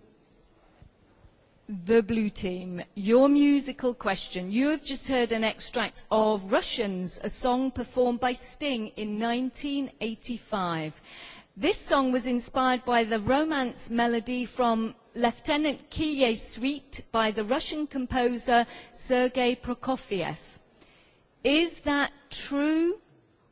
Q: The Blue Team, your musical question. You have just heard an extract of Russians, a song performed by Sting in 1985. This song was inspired by the romance melody from Lieutenant Kyye Suite by the Russian composer Sergei Prokofiev. Is that true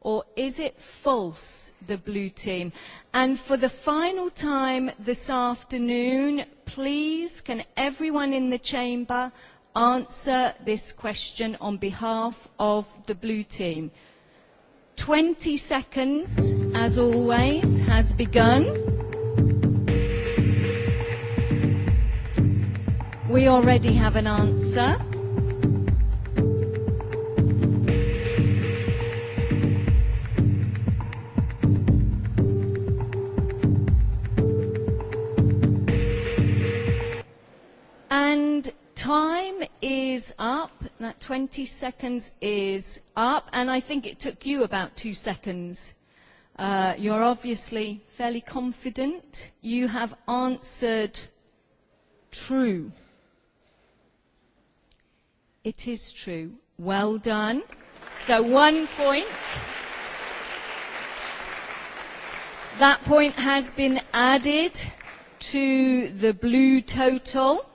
Q: or is it false, the blue team? And for the final time this afternoon, please can everyone in the chamber answer this question on behalf of the blue team? 20 seconds, as always, has begun. We already have an answer. And time is up that. 20 seconds is up, and I think it took you about two seconds. Uh, you're obviously fairly confident. You have answered true. It is true. Well done. So one point. That point has been added to the blue total.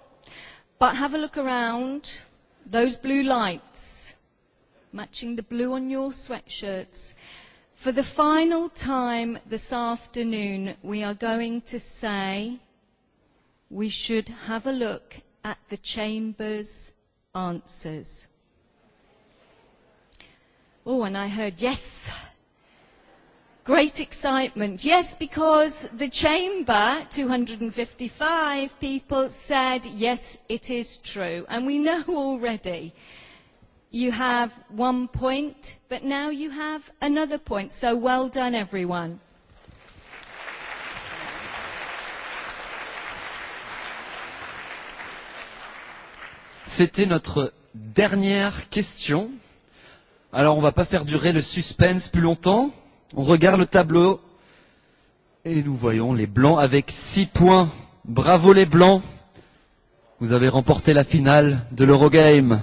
Q: But have a look around those blue lights, matching the blue on your sweatshirts. For the final time this afternoon, we are going to say we should have a look at the Chamber's answers. Oh, and I heard yes great excitement. Yes, because the chamber, 255 people, said, yes, it is true. And we know already you have one point, but now you have another point. So well done, everyone.
S: C'était notre dernière question. Alors, on ne va pas faire durer le suspense plus longtemps. On regarde le tableau et nous voyons les blancs avec 6 points. Bravo les blancs. Vous avez remporté la finale de l'Eurogame.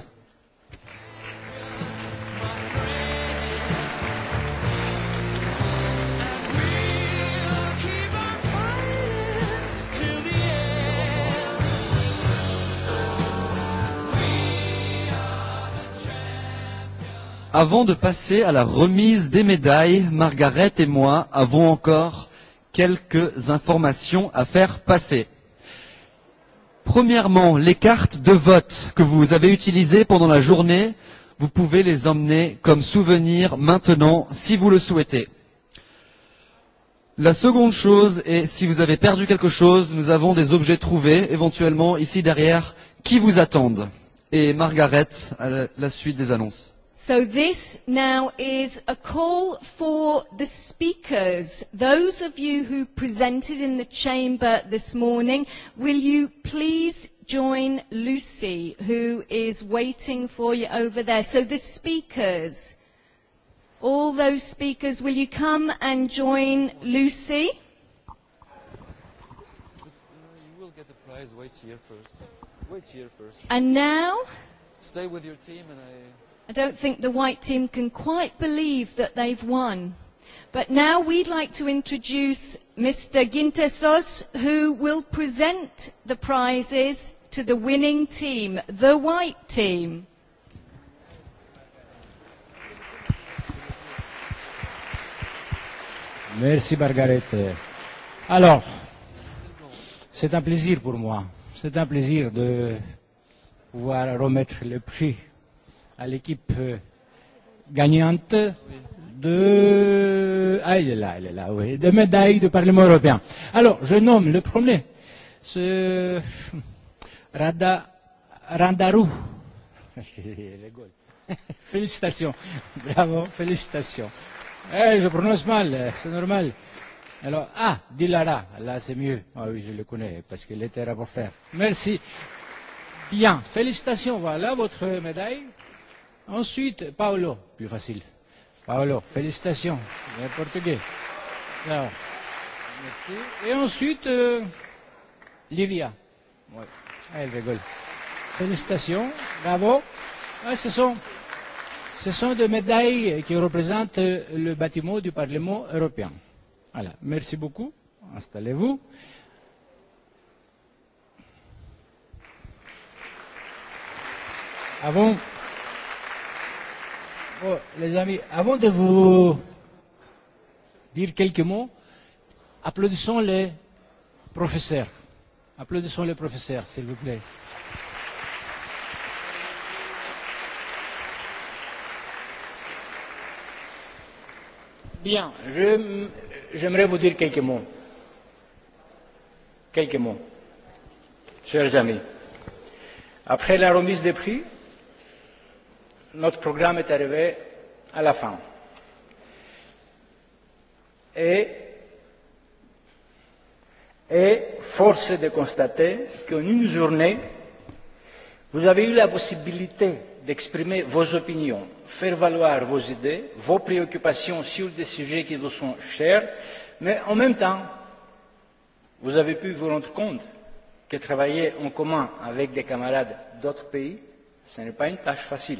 S: Avant de passer à la remise des médailles, Margaret et moi avons encore quelques informations à faire passer. Premièrement, les cartes de vote que vous avez utilisées pendant la journée, vous pouvez les emmener comme souvenir maintenant si vous le souhaitez. La seconde chose est si vous avez perdu quelque chose, nous avons des objets trouvés, éventuellement ici derrière, qui vous attendent. Et Margaret, à la suite des annonces.
Q: So this now is a call for the speakers. Those of you who presented in the chamber this morning, will you please join Lucy, who is waiting for you over there? So the speakers, all those speakers, will you come and join Lucy?
S: you will get the prize. Wait here first. Wait here first. And now? Stay with your team and I...
Q: I don't think the white team can quite believe that they've won. But now we'd like to introduce Mr. Gintesos, who will present the prizes to the winning team, the white team.
A: Merci Margarete. Alors, c'est un plaisir pour moi, c'est un plaisir de pouvoir remettre le prix à l'équipe euh, gagnante de ah il est là il est là oui de médaille du Parlement européen. Alors je nomme le premier ce Rada Randarou. félicitations bravo félicitations. Eh, je prononce mal c'est normal. Alors ah Dilara là c'est mieux ah oui je le connais parce qu'il était rapporteur. Merci bien félicitations voilà votre médaille. Ensuite, Paolo, plus facile. Paolo, félicitations, il est portugais. Alors.
S: Merci.
A: Et ensuite, euh, Livia. Ouais. Ah, elle rigole. Félicitations, bravo. Ah, ce, sont, ce sont des médailles qui représentent le bâtiment du Parlement européen. Voilà, merci beaucoup. Installez-vous. Avant. Ah bon Oh, les amis, avant de vous dire quelques mots, applaudissons les professeurs. Applaudissons les professeurs, s'il vous plaît. Bien, j'aimerais vous dire quelques mots. Quelques mots, chers amis. Après la remise des prix, notre programme est arrivé à la fin. Et, et force est de constater qu'en une journée, vous avez eu la possibilité d'exprimer vos opinions, faire valoir vos idées, vos préoccupations sur des sujets qui vous sont chers, mais en même temps, vous avez pu vous rendre compte que travailler en commun avec des camarades d'autres pays, ce n'est pas une tâche facile.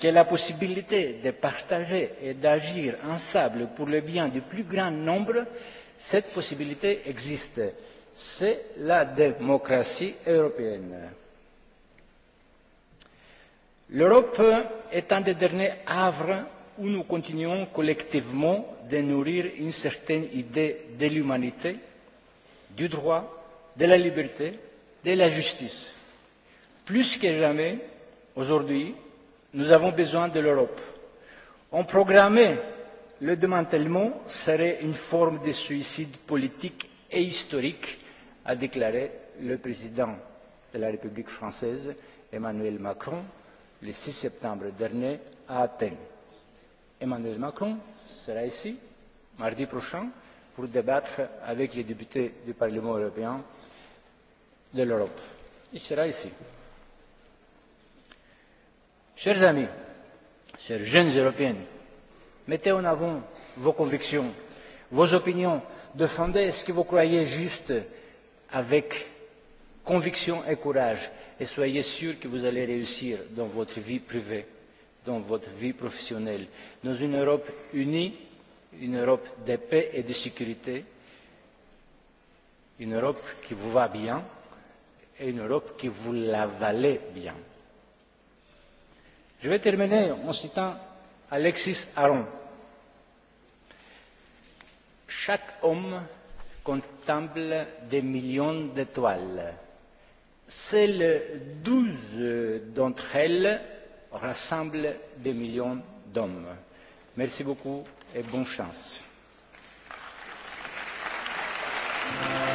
A: que la possibilité de partager et d'agir ensemble pour le bien du plus grand nombre, cette possibilité existe. C'est la démocratie européenne. L'Europe est un des derniers havres où nous continuons collectivement de nourrir une certaine idée de l'humanité, du droit, de la liberté, de la justice. Plus que jamais, aujourd'hui, Nous avons besoin de l'Europe. En programmé, le démantèlement serait une forme de suicide politique et historique, a déclaré le président de la République française, Emmanuel Macron, le 6 septembre dernier à Athènes. Emmanuel Macron sera ici mardi prochain pour débattre avec les députés du Parlement européen de l'Europe. Il sera ici. Chers amis, chers jeunes européennes, mettez en avant vos convictions, vos opinions, défendez ce que vous croyez juste avec conviction et courage, et soyez sûrs que vous allez réussir dans votre vie privée, dans votre vie professionnelle, dans une Europe unie, une Europe de paix et de sécurité, une Europe qui vous va bien et une Europe qui vous la valait bien. Je vais terminer en citant Alexis Aron. Chaque homme contemple des millions d'étoiles. Seules douze d'entre elles rassemblent des millions d'hommes. Merci beaucoup et bonne chance. Thank you.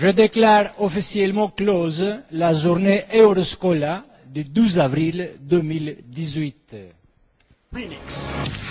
A: Je déclare officiellement close la journée Euroscola du 12 avril 2018.
N: Phoenix.